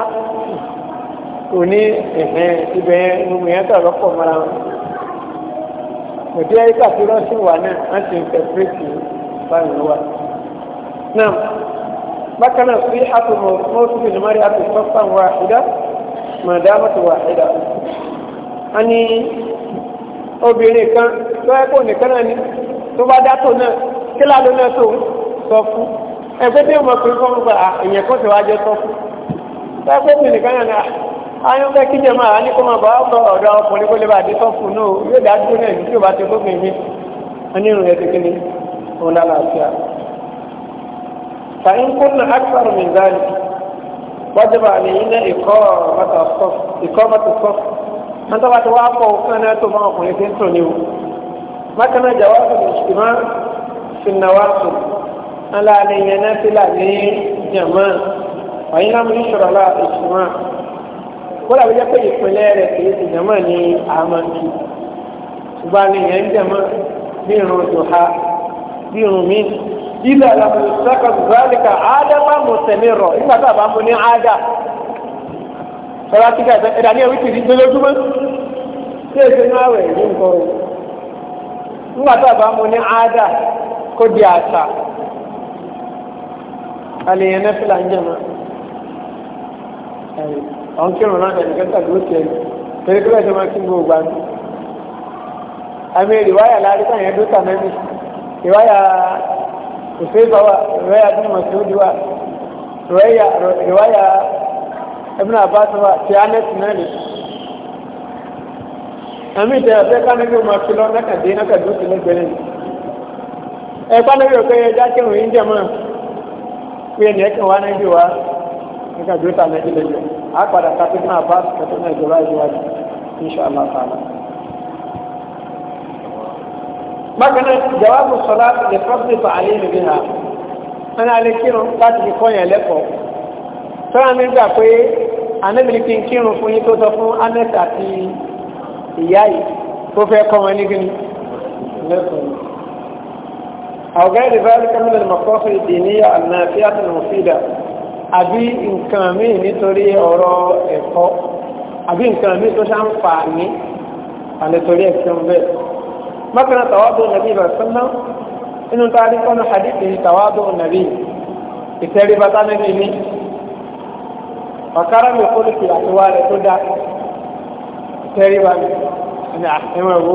òní ìbẹ̀yẹn ìgbìyànjú ọ̀rọ̀ pọ̀ mọ́ra wọn mọ̀dé ayíká tí rọ́ṣìn wà náà wọ́n ti ń fẹ́fẹ́tì báyìí wá. náà bákan náà fi àtúmọ̀ mọ́tò bí lùmọ́rí àtúmọ̀ fún wa ìdá mọ̀dámọ́tò wa ìdá. a ní obìnrin kan tó yẹ kó nìkan náà ní tó bá dátò náà kí ládó náà tó sọ fún ẹgbẹ́ tí mo pè fún ọgbà èèyàn kó ti wá jẹ sọ fún. tó yẹ kó obìnrin kan náà àwọn fẹ́ kí jẹmọ́ àwọn nípa máa bá ọ̀dọ̀ ọ̀dọ̀ ọkùnrin kó lè bá dé sọ́fù náà yóò dá dúró náà tí ó bá ti gómìn mi onírun ẹ̀ kékeré òun lálàáfíà. fàyín kó nà ákàrò mi záàlì wájú bá mi iná ìkọ́ bàtà sọ́fù ìkọ́ bàtà sọ́fù wọ́n tó bá ti wá kọ́ òkan náà tó máa ọkùnrin tí ń tò ní mákànnà jàwá sọ̀rọ̀ ìṣìmá sinnawa sọ alaalẹ yẹn náà ti là ní jàmá fàyín lámú ìṣòro alá kódà bí jẹ́ pé ìpínlẹ̀ rẹ̀ kìí ti jẹ̀mọ́ ní àmọ́tì ṣùgbọ́n ní ìyẹn ń jẹ̀mọ́ bí irun duha bí irun mi ilẹ̀ alamọ̀lẹ́sọ́kọ̀ zálìkà ádámà mùsẹ̀mìrọ̀ nígbà tá a bá mú ní ádá sọlá tí ká ẹ̀dá ní ẹ̀wí tìrí gbé lójúmọ́ tí èsì náà rẹ̀ yìí ń kọ́ nígbà tá a ní ádá kó di àṣà àlèyàn náà fìlà ń jẹ̀mọ́ àwọn kírun náà ẹnì kẹta ló tiẹ̀ torí pé bẹ́ẹ̀ tó máa kí n gbogbo àná àmì ìrìwáyà láàrin báyẹn dókítà mẹ́mí ìrìwáyà òṣèlú wa ìrìwáyà bí mo ti ń di wa ìrìwáyà ẹbí náà bá tó wa ti ánẹ́tì náà lè àmì ìtẹ̀ ọ̀fẹ́ kánẹ́bí máa fi lọ nákàdé nákàdé ó ti lẹ́gbẹ̀ẹ́ lẹ́yìn ẹ kánẹ́bí ọ̀fẹ́ yẹ já kírun yín jẹ̀ mọ́ pé ẹnì ẹ̀kẹ́ wa náà bí wa nákàdé ó ta náà á padà kápẹ́ náà bá kẹtọ́ náà ìjọba ìwádìí inṣàlá tààlà. bákan náà jawabu sọlá lè fọ́sí fa àlẹ́ ìlú ha wọn á lè kírun láti fi kọ́ yẹn lẹ́kọ̀ọ́ sọ́ra mi gbà pé anábìrì kí n kírun fún yín tó sọ fún anet àti ìyá yìí tó fẹ́ kọ́ wọn ní gíní lẹ́kọ̀ọ́. أو غير ذلك من المقاصد الدينية النافعة المفيدة àbí nǹkan míì nítorí ọ̀rọ̀ ẹ̀kọ́ àbí nǹkan míì tó ṣàǹfààní àlẹ́torí ẹ̀sìn bẹ́ẹ̀. bákan náà tàwádó nàbí ìbàsánná inú tá a rí kọ́nà hadithi tàwádó nàbí ìtẹ́rí bàtà nínú ilé ọ̀kára mi kó lùkì àtiwá rẹ̀ tó dá ìtẹ́rí bá mi ní àtẹ̀wọ̀n wo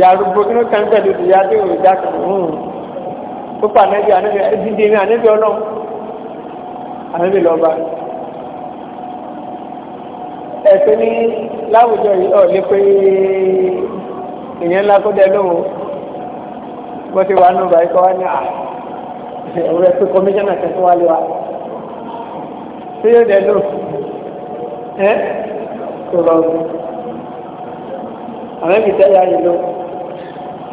yàrá gbogbo kan pẹ̀lú ìyá tó ìdá kan ó pa ànábì ànábì ọlọ́run àmì lọ́ba ẹ̀sẹ̀ ní láwùjọ yìí ọ̀ lé pé ìyẹn ńlá kó dẹ lóhùn bó ti wà nù báyìí kọ́ wá ní à ẹ̀wúrẹ́ pé kọmíṣánná kan tó wá lé wa tí yóò dẹ lóhùn ẹ́ kò rọrùn àwọn ẹ̀mí tẹ́lẹ̀ ayé lóhùn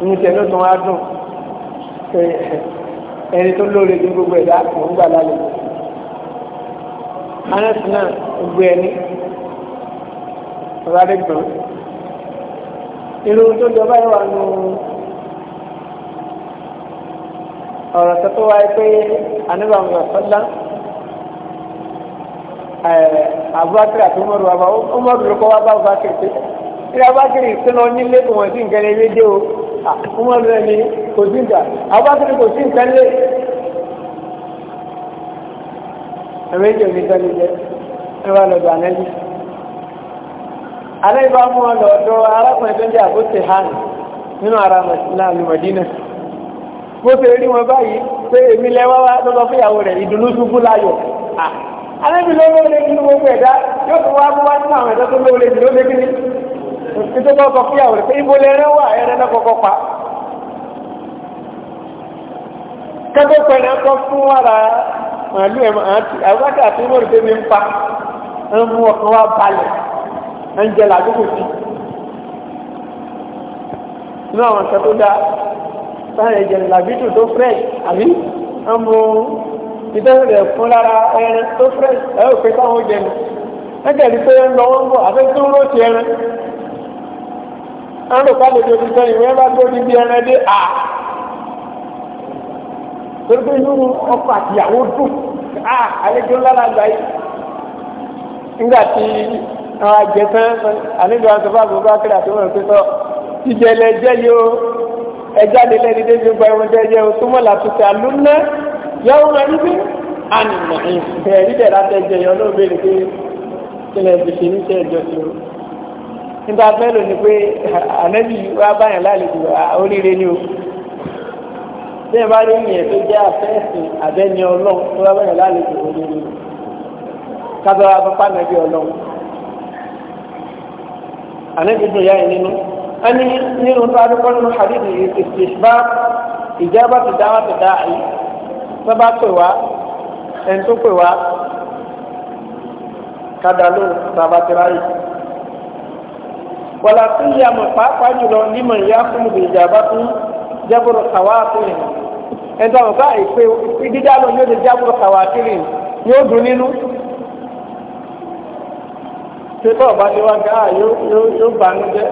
inú tẹ̀ ló tún wá dùn ẹni tó lóore ní gbogbo ẹ̀dá òun gbà lálẹ́ yìí anas náà gbogbo ẹni ọba dẹgbọn irun tó jọba yìí wà nù ọ̀rọ̀ tó tó wáyé pé anábà ń gbà sọ́dá abubakar àti umaru wa bá umaru ló kọ́ wá bá abubakar pé ilé abubakar ìsinmi onílé kò wọ́n sí nǹkan lé lédè o umaru rẹ̀ ni kò sí nǹkan abubakar kò sí nǹkan ẹ̀rọ èdè onígbẹ́ni jẹ́ ẹwà lọ́dọ̀ ànẹ́bí. alẹ́ ìbá mú ọ lọ́dọ̀ arákùnrin tó ń jẹ́ àbóṣe hàn nínú ara màdínà mo ṣe rí wọn báyìí pé èmi lẹ́wọ́ wá lọ́dọ̀ fúyàwó rẹ̀ ìdùnnú ṣubú láyọ̀ alẹ́bí lọ́wọ́ lè nínú gbogbo ẹ̀dá yóò tún wá mú wá nínú àwọn ẹ̀dá tó lówó lè dúró lé kíní nítorí ọkọ̀ fúyàwó rẹ̀ pé ibo lè rẹ́ wà ẹ̀rẹ́ náà kọ́kọ́ pa kẹ́kọ̀ọ́ pẹ̀lú ẹ̀kọ́ fún wàrà màálù ẹ̀ máa ti àbúkà tí mo rò pé mi ń pa ń mú ọkàn wá balẹ̀ ń jẹ làdúgbò sí. inú àwọn nǹkan tó dáa sáyẹn ẹ̀jẹ̀ làbídù tó fresh àbí ń mú ìtẹ́sẹ̀ rẹ̀ fún lára ẹran tó fresh ẹ̀ ò pé táwọn ó jẹ nù. ẹ̀jẹ̀ rí pé ń lọ wọ́n ń bọ̀ àfẹ́ tó ń rò ti ẹran. àwọn olùkọ́ àlejò ti sọ ìwé bá gbóni bí ẹran dé à torí pé inú ọkọ àtìyàwó dùn á àlejò ńlára gbà yìí nígbà tí àwọn àjẹsán àlejò àtọ́fà gbogbo akéde àti wọn pẹ́tọ́ ìjẹ lẹ́jẹ́ yìí ó ẹjẹ́ àlélẹ́ ní débi gba ẹ̀wọ̀n jẹ́ yẹ o túmọ̀ làtúntà lónà yẹ́wò máa ní bí ànìmọ̀ ìbẹ̀rí dẹ̀ láti ẹjẹ yọ ló béèrè pé kílẹ̀ ìbìṣẹ́ ní sẹ́ ẹjọ́ sí o nígbà fẹ́ lónìí pé ànẹ́bí wa báyàn lálejò oríire ni o bí ẹ bá rí ìyẹn tó jẹ́ afẹ́sìn abẹ́ni ọlọ́run tó bá bẹ̀rẹ̀ lálejò olórí kábẹ́rẹ́ abápá nàbí ọlọ́run ànábìdùn yá ẹ̀ nínú ẹni nínú tó adúgbò nínú hadith ìṣèṣbá ìjábá ti dá wá ti dá àyè tó bá pè wá ẹni tó pè wá kádà ló bàbá ti ráyè wàlá tó yà mọ̀ pàápàá jùlọ nímọ̀ ìyá fún ìjàmbá tó jẹ́bùrù kàwá àtúnyẹ̀ ẹnití wọn bá ìpè dídá lọ yóò lè jábọ̀ kàwákiri yóò dùn nínú tẹ́tọ́ ọba ti wá gáà yóò bànú jẹ́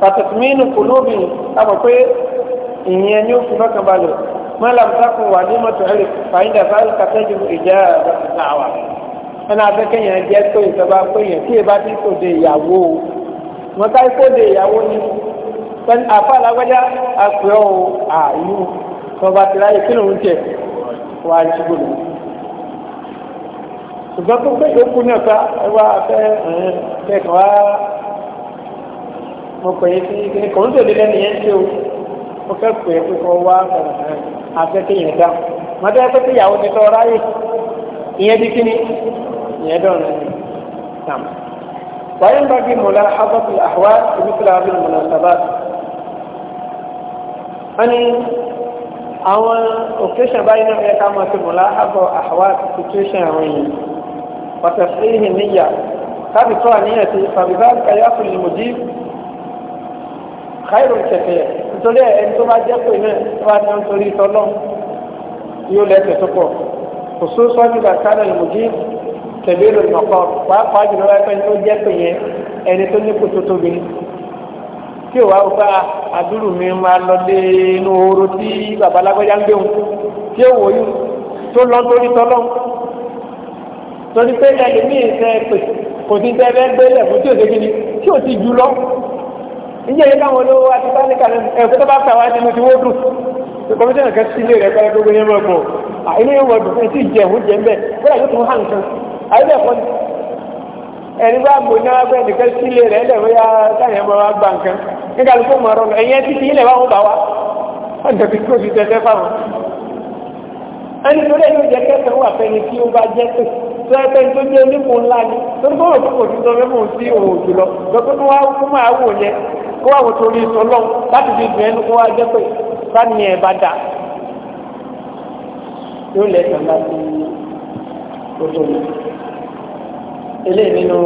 pàtàkì mínú kùlóbì àpò pé ìyẹn ni ó fi mọ́kàn balẹ̀ mọ́làm takùn wà ní mọ́tò ẹ̀rì fàyídà fáyídà kàtẹ́jù ìjà àwà ẹnà abẹ́kẹ́yìn jẹ́ pé ìjọba pé yẹn tí ìbá ti kò de ìyàwó wọn ká kó de ìyàwó ni pẹ̀lú àfa alágbájá àpè ọ́ àyù tọba tìláyé kí lòun tẹ̀ wá jùlọ lọ. ṣùgbọ́n tó pé ìyókù náà ká wá fẹ́ kẹ́kọ̀ọ́ wá mo pè é sí kí kò ń tòlé lẹ́nu yẹn ṣe o mo fẹ́ pè é pé kọ́ wá afẹ́kẹ́ yẹn dá mọ́tò ẹ pé kí ìyàwó ti tọ́ ráyè ìyẹn bí kíni ìyẹn dọ̀rùn sàm. wáyé bá bí mọ̀lá hábọ́tù àhwá ìbísílẹ̀ àbí mọ̀lá sábà wọ́n ní àwọn occasion báyìí náà yẹ ká mọ̀ sí mọ̀lá àbọ̀ àwa situation àwọn yìí pàtẹ́ sí ìhìn níyà káàbì tó àníyàn sí fàbíbá kàyà fún ìmòjì káìrò kẹfẹ nítorí ẹni tó bá jẹ́ pé náà tó bá ní nítorí tọ́lọ́ yóò lẹ́sẹ̀ tó pọ̀ kò sóò sọ́ọ́ nígbà kánà ìmòjì kẹ̀lé lòlùmọ̀kọ́ pàápàá jùlọ ẹgbẹ́ tó jẹ́ pé yẹn ẹni tó ní kò tó tóbi tí òwà wò bá àdúrù mi máa lọ dé inú oró tí bàbá alágbèjà ń gbéhùn tí ó wòye tó lọ torí tọ́lọ́ torí pé ẹlòmíì fẹ́ pè kò sí fẹ́ fẹ́ gbé lẹ̀kùn tí ò débi ni tí ò ti jù lọ. ìjẹ́ yìí káwọn olówó àti bá nìkan ẹ̀kọ́ tó bá fẹ́ wá nínú tí wọ́n dùn kọmíṣánná kan sílé rẹ̀ pẹ́lẹ́ gbogbo yẹn mọ̀ ẹ̀kọ́ ilé ìwọ̀dùn ti jẹ̀hún ẹni bá bò náà bẹ́ẹ̀ nìkan sílé rẹ̀ lẹ́wọ́ bóyá táyà máa wá gbà nǹkan nígbà tó mọ̀ ọ̀rọ̀ ẹ̀yẹ títí ilẹ̀ wà wọ́n bá wa wọ́n jẹ́ kí tẹ́tẹ́ fáwọn. ẹni tó lẹ́yìn oúnjẹ kẹsàn-án wà fẹ́ni tí ó bá jẹ́ pé tó jẹ́ onímọ̀ ńlá ni tó ń bọ̀ tó kò mọ̀ sí òun jùlọ tó wá kó máa wò yẹ kó wà wò eléyìí nínú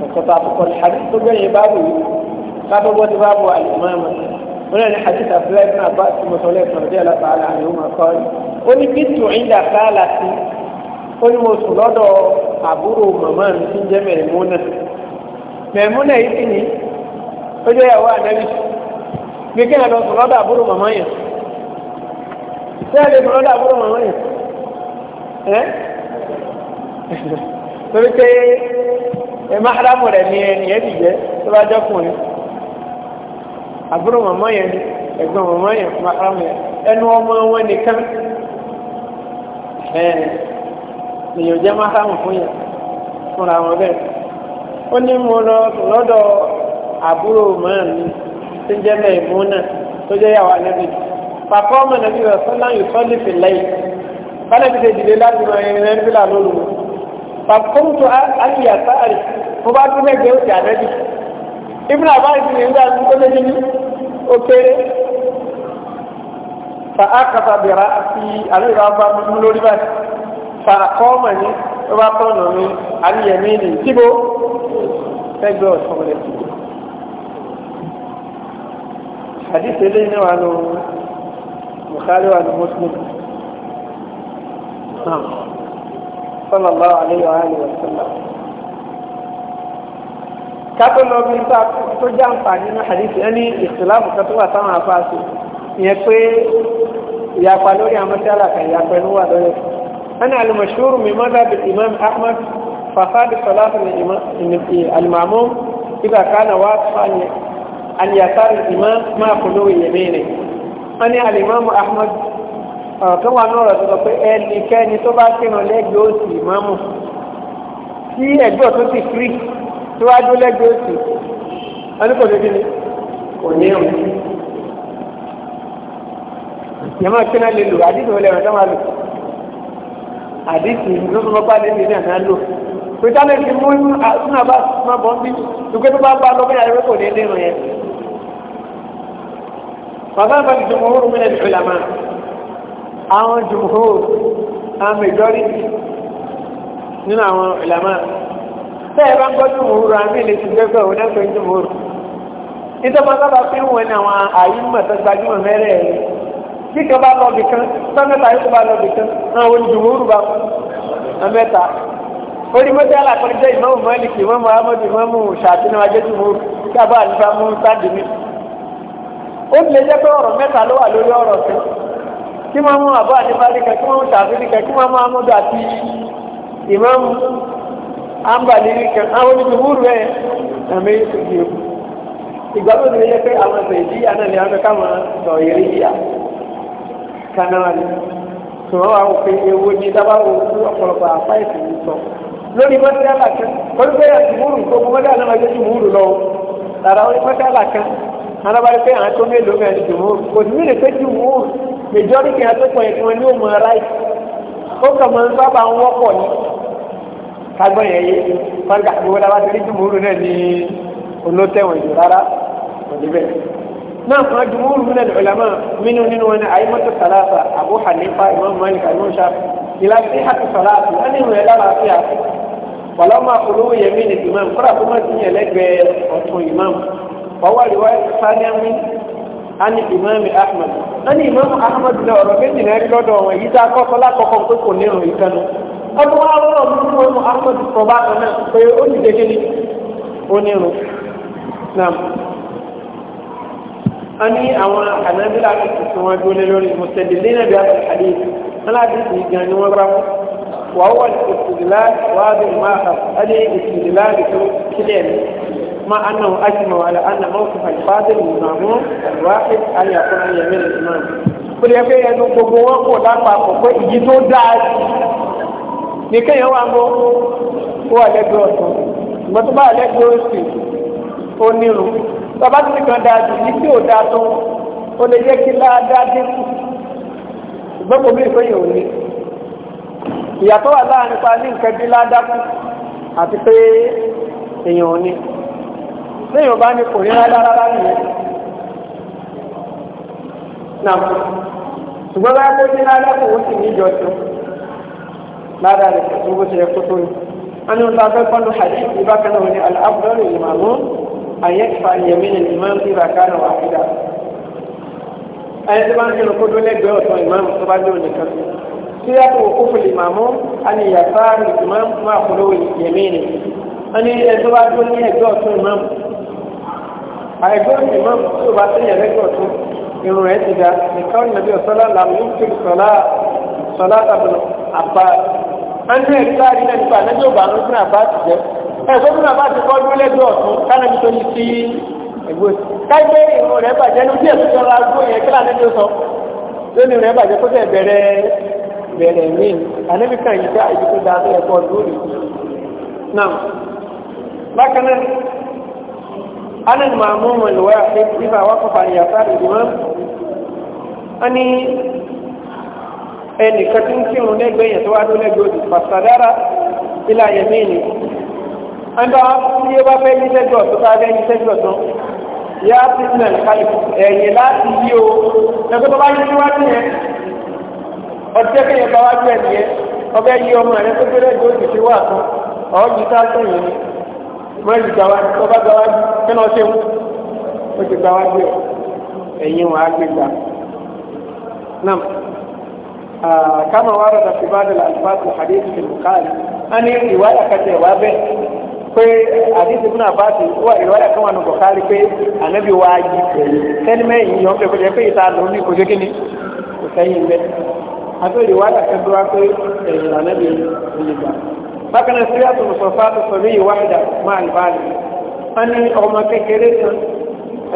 nǹkan tó àkọ́kọ́ ní hadith tó gbẹ̀yìn báàbò yìí kábọ́bọ́ ti báàbò àlùmọ́ọ́mọ́ wọn ní hadith abdullahi bin abbas tí mo sọ lẹ́ẹ̀kan díẹ̀ lọ́pàá àlà àyùmọ̀ kọ́ ni ó ní kí tù ń dà sáàlà sí ó ní mo sùn lọ́dọ̀ àbúrò màmá mi tí ń jẹ́ mẹ̀múnà mẹ̀múnà yìí sì ní ó jẹ́ ìyàwó ànábì bí kí n sùn lọ́dọ̀ àbúrò màmá yẹn ṣé ẹ sùn lọ́dọ̀ àbúrò màmá yẹn torí pé maharamu rẹ̀ ni ẹnìyẹn ti jẹ́ tó bá jọ́kùnrin àbúrò màmá yẹn ni ẹ̀gbọ́n màmá yẹn maharamu yẹn ẹnu ọmọ wọn nìkan èèyàn jẹ́ maharamu fún yẹn fúnra wọn bẹ́ẹ̀ ó ní mo lọ lọ́dọ̀ àbúrò màmá mi tó jẹ́ mẹ́ẹ̀mú náà tó jẹ́ yàwó anábì pàpọ́ ọmọ nàbí rẹ̀ sọ́lá yìí sọ́lé fìlẹ́yìn fálẹ́bí ti dìde láti rọ ẹ̀rìn rẹ̀ níbí fàkóńtò àyà sáàrì mo bá tún mẹ́jẹ ó ti ànábì ibùdó àbáyé ti nígbà tó tó méjì ní ó kéré fa akasa bẹ̀rẹ̀ àti àlejò àbá mú lórí báyìí fa àkọ́ọ̀mọ̀ ní ó bá tọ̀ nù ní àníyànmí ní tíbo fẹ́gbẹ́ ọ̀sán rẹ̀ àdìsẹ́ lé ní wàá nù Bukhari wà ní Muslim. Naam sallallahu alaihi wa alihi wa sallam kátó lọ bí nípa tó já nǹfààní ní hadith ẹni ìsìlámù kan tó wà táwọn afáàṣe ìyẹn pé ìyapa lórí amọ́tẹ́lá kan ìyapa ẹnu wà lórí ẹni al-mashhur min madhhab imam ahmad fasad salat al-ma'mum idha kana wasfan an yasar imam ma kulu yamini ẹni al-imam ahmad ọ̀kan wà náà rẹ̀ tó sọ pé ẹnikẹ́ni tó bá kírun lẹ́gbẹ̀ẹ́ òsì ìmáàmù tí ẹ̀gbẹ́ ọ̀tún ti kiri tó wá dó lẹ́gbẹ̀ẹ́ òsì ọdúnkò lójú ni kò ní ìrùn. ìyàmọ̀ kí náà lè lò àdìsí olè ọ̀dọ́ máa lò àdìsí ló tó lọ́pàá lè lè náà lò pé táwọn ẹni mú sínú àbá máa bọ̀ bí dùgbẹ́ tó bá bá lọ bí àyẹ̀wò kò ní ìrùn yẹn. bàbá àgbà àwọn jùmọ̀ àwọn majority nínú àwọn ìlàmà bẹ́ẹ̀ bá ń gbọ́ jùmọ̀ rọ àmì ilé ti gbẹ́gbẹ́ òun náà pé jùmọ̀ rọ ìjọba sábà fi ń wọ́n ní àwọn àyímọ̀ tó gbajúmọ̀ mẹ́rẹ̀ ẹ̀ bí kan bá lọ bì kan sọ́mẹ́ta yóò bá lọ bì kan àwọn olùjùmọ̀ rù bá mẹ́ta onímọ̀tẹ́ alákọ̀ọ́jẹ́ ó lè jẹ́ pé ọ̀rọ̀ mẹ́ta ló wà lórí ọ̀rọ̀ kan kí wọ́n mú àbọ̀ àdébálé kan kí wọ́n mú tàbílì kan kí wọ́n mú amúdù àti ìmáàmù ámbàlérí kan àwọn onídùúrù ẹ̀ ẹ̀mí ìsìnkú ìgbàgbọ́ mi yẹ pé àwọn ẹ̀sẹ̀ ìdí anáàlẹ́ àwọn káwọn sọ ìrí ìyá kanáàlì tí wọ́n wá òfin ewu ní dábàá òkú ọ̀pọ̀lọpọ̀ àpá ìsìn sọ lórí mọ́tẹ́lá kan wọ́n gbé àtìmúrù gbogbo mọ́tẹ́lá náà alábàárí pé àwọn tó mélòó mẹ́rin jù mú kò sí mí lè pé jù mú majority àti pọ̀ ìfún ẹni ò mọ ara yìí ó kàn máa ń sábà ń wọ́pọ̀ ni kágbọ́n yẹn yé fanga gbogbo dábàá ti rí jù mú rú náà ní olótẹ̀wọ̀n jù rárá kò níbẹ̀ náà kan jù mú rú náà ní ọ̀làmọ́ mínú nínú wọn ní àyímọ́tò sàlàsà Abu Hanifa Imam Malik ọwọ́ ìwọ́ sáníàmì a ní ìmáàmì ahmed ahmad ní ìmáàmì ahmed na ọ̀rọ̀ méjì náà rí lọ́dọ̀ wọn yìí dá kò ní wa rọrọ mú ìmáàmì ahmed sọ bákan náà pé ó ní ní onírun náà a ní àwọn ànábìlà tuntun tí wọ́n dúró lórí bí a ti kàdé aláàbí ìgbìyànjú ni wọ́n wàá wàá bí مع أنه أجمع على أن موقف الفاضل المأمون الواحد أن يكون عن يمين الإمام kòlì ẹgbẹ́ yẹn ló gbogbo wọn kò lápapọ̀ pé ìyí tó dáa ní kéèyàn wà mọ́ ó wà lẹ́gbẹ̀ẹ́ ọ̀tún ìgbọ́n tó bá wà lẹ́gbẹ̀ẹ́ òsì ó nírun bàbá tó nìkan dáa jù ní tí ò dáa tó ó lè jẹ́ kí láadáa dínkù ìgbọ́n kò mí ìfẹ́ yìí ò ní ìyàtọ̀ wà láàrin pa ní nǹkan bí láadáa kù àti pé èèyàn ò ní lẹ́yìn ọba ni kò rí rárá rárá nìyẹn. nà ṣùgbọ́n bá kó ní rárá kò ó sì ní ìjọ tó lára rẹ̀ tó bó ṣe yẹ kó tó ní. wọ́n ní ọba bẹ́ẹ̀ kọ́nu hadith ìbákan náà ní aláàbùdọ́rẹ̀ ìmàmú àyẹ̀fà ìyẹ̀mí ni ìmáàmù ìbákan náà wà fídà. ayé tí wọ́n ń kí ló kó dún lẹ́gbẹ̀ẹ́ ọ̀tọ̀ ìmáàmù tó bá dé òní kan sí siyatu wukufu limamu ani yasari imam ma kolo yemini ani ẹni tó bá dún ní ẹgbẹ́ ọ̀tún imam àìgbọ́n ti mọ́ tí o bá tẹ̀yẹ̀ lẹ́gbọ̀n tó irun rẹ̀ ti da nìkan nàbí ọ̀sọ́lá làwọn yóò fi sọ́lá sọ́lá tàbí àbá ẹni ẹ̀rí láàrin náà nípa ẹ̀nẹ́jọ́ bá ń fún àbá ti jẹ́ ẹ̀gbọ́n fún àbá ti kọ́ dúró lẹ́gbọ̀n ọ̀tún kánàbí tó ní sí ẹ̀gbọ́n káyọ̀ irun rẹ̀ bàjẹ́ ní díẹ̀ tó yọra gbọ́ yẹn kí lànàjọ́ sọ lónìí rẹ̀ bàjẹ́ أنا المأموم الواحد إذا وقف عن يسار الإمام أني ẹnìkan tí ń kírun lẹ́gbẹ̀ẹ́ yẹn tó wá dó lẹ́gbẹ̀ẹ́ òdì pàṣàdára ilà yẹmí ni ẹnìkan tí ó bá fẹ́ yí sẹ́jọ́ tó bá fẹ́ yí sẹ́jọ́ tán yá sí ní ẹ̀káyì ẹ̀yìn láti yí o ẹ̀kọ́ tó bá yí níwájú yẹn ọtí ẹ̀kẹ́ yẹn bá wájú ẹ̀ nìyẹn ọbẹ̀ yí ọmọ rẹ̀ tó gbé má yìí gbà wá tó bá gbà wá kí ló ṣe ń ó ti gbà wá bí ẹ̀yin wọn á gbé gbà. nam kama wàrà da fi bàdà alifásù hadith fi bukari a ní ìwádà kàtà ìwà bẹ́ẹ̀ pé hadith ibùnà bàtì wà ìwádà kan wà ní bukari pé ànábì wá yí sẹ́ni mẹ́yìn yọ̀ ń bẹ̀ kọjá pé ìta lòun ní kò ṣe kí ni kò sẹ́yìn bẹ́ẹ̀. àti ìwádà kan wá pé ẹ̀yìn ànábì ń bákan náà síríà tó sọ fáàtò sọ̀rọ̀ yìí wáyà máa lè bá lè wọ́n ní ọmọ kékeré kan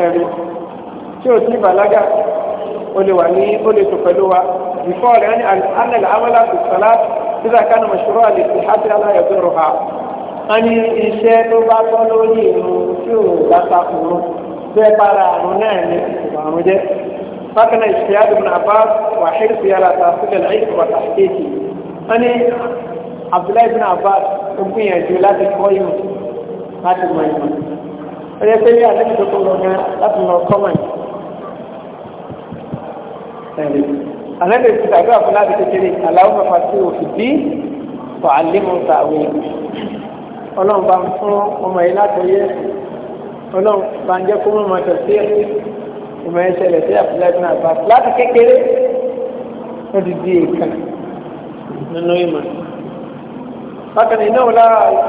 ẹ̀rí tí ò sí bàlágà ó lè wà ní ó lè tó pẹ̀lú wa bìfọ́ rẹ̀ ní alẹ́lẹ́ amọ́lá kò sọ́lá síra kánú mọ̀ṣúrọ̀ àlè sí àti aláyọ̀dọ̀ rọ̀ ha wọ́n ní iṣẹ́ tó bá tọ́ lórí ìlú tí ò bá ta kùnú bẹ́ẹ̀ bára àrùn náà ní àrùn jẹ́ bákan náà ìṣẹ́ àdùnnà bá wà Abdullahi bin Abbas ó gbìyànjú láti kọ́ ìmọ̀ láti mọ ìmọ̀ ó yẹ pé ní àlejò tó kọ́ lọ gan láti lọ kọ́ mọ̀ ẹ̀rí àlejò ti tàbí àfọ láti kékeré aláwọ̀ mẹ́fà sí òfin bí wà á lé mọ̀ fún ọmọ yìí láti yẹ ọlọ́run ń jẹ́ kó mọ̀ mọ̀ tẹ̀sí ìmọ̀ ẹ̀ṣẹ̀lẹ̀ sí Abdullahi bin láti kékeré ó ti di èèkàn nínú ìmọ̀ bákan iná wọlá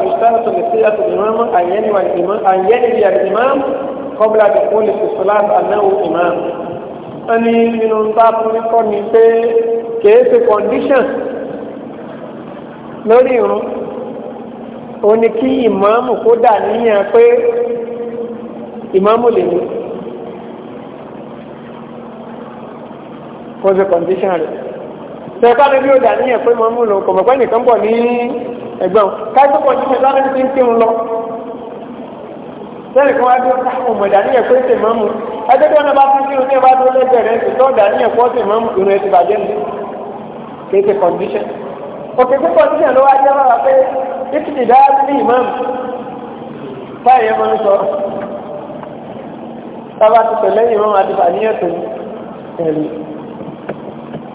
ìṣẹ́nà tó lè ṣe àti ìmáàmù àyẹ́nìyí àti ìmáàmù kọ́bílà tó kó lè ṣe sọ́lá ànáwó ìmáàmù. wọ́n ní nínú bá fún kọ́ ni pé kìí ṣe condition lórí irun ó ní kí ìmáàmù kó dà níyàn pé ìmáàmù lè ní. kó ṣe condition rẹ̀. sẹ́ká ni bí ó dà níyàn pé ìmáàmù lòun kò mọ̀ pé nìkan bọ̀ ní ẹ̀gbọ́n kájú pọ̀ jíjẹ sáré ti ń kírun lọ sẹ́yìn kan wá dé ọmọ ìdàníyàn pé ṣe mọ́mú ẹgbẹ́ tí wọn bá fún kírun tí wọn bá dúró lẹ́gbẹ̀ẹ́ rẹ̀ ṣe tọ́ ìdàníyàn pọ̀ ṣe mọ́mú irun ẹ̀ ti bàjẹ́ nù kì í ṣe condition òkè pé condition ló wá jẹ́ wá pé ìtìlì dáa sí ìmọ̀mù báyìí ẹ̀mọ́ ń sọ tábà ti pẹ̀lẹ́yìn mọ́mú àti bàníyàn tó ń tẹ̀lé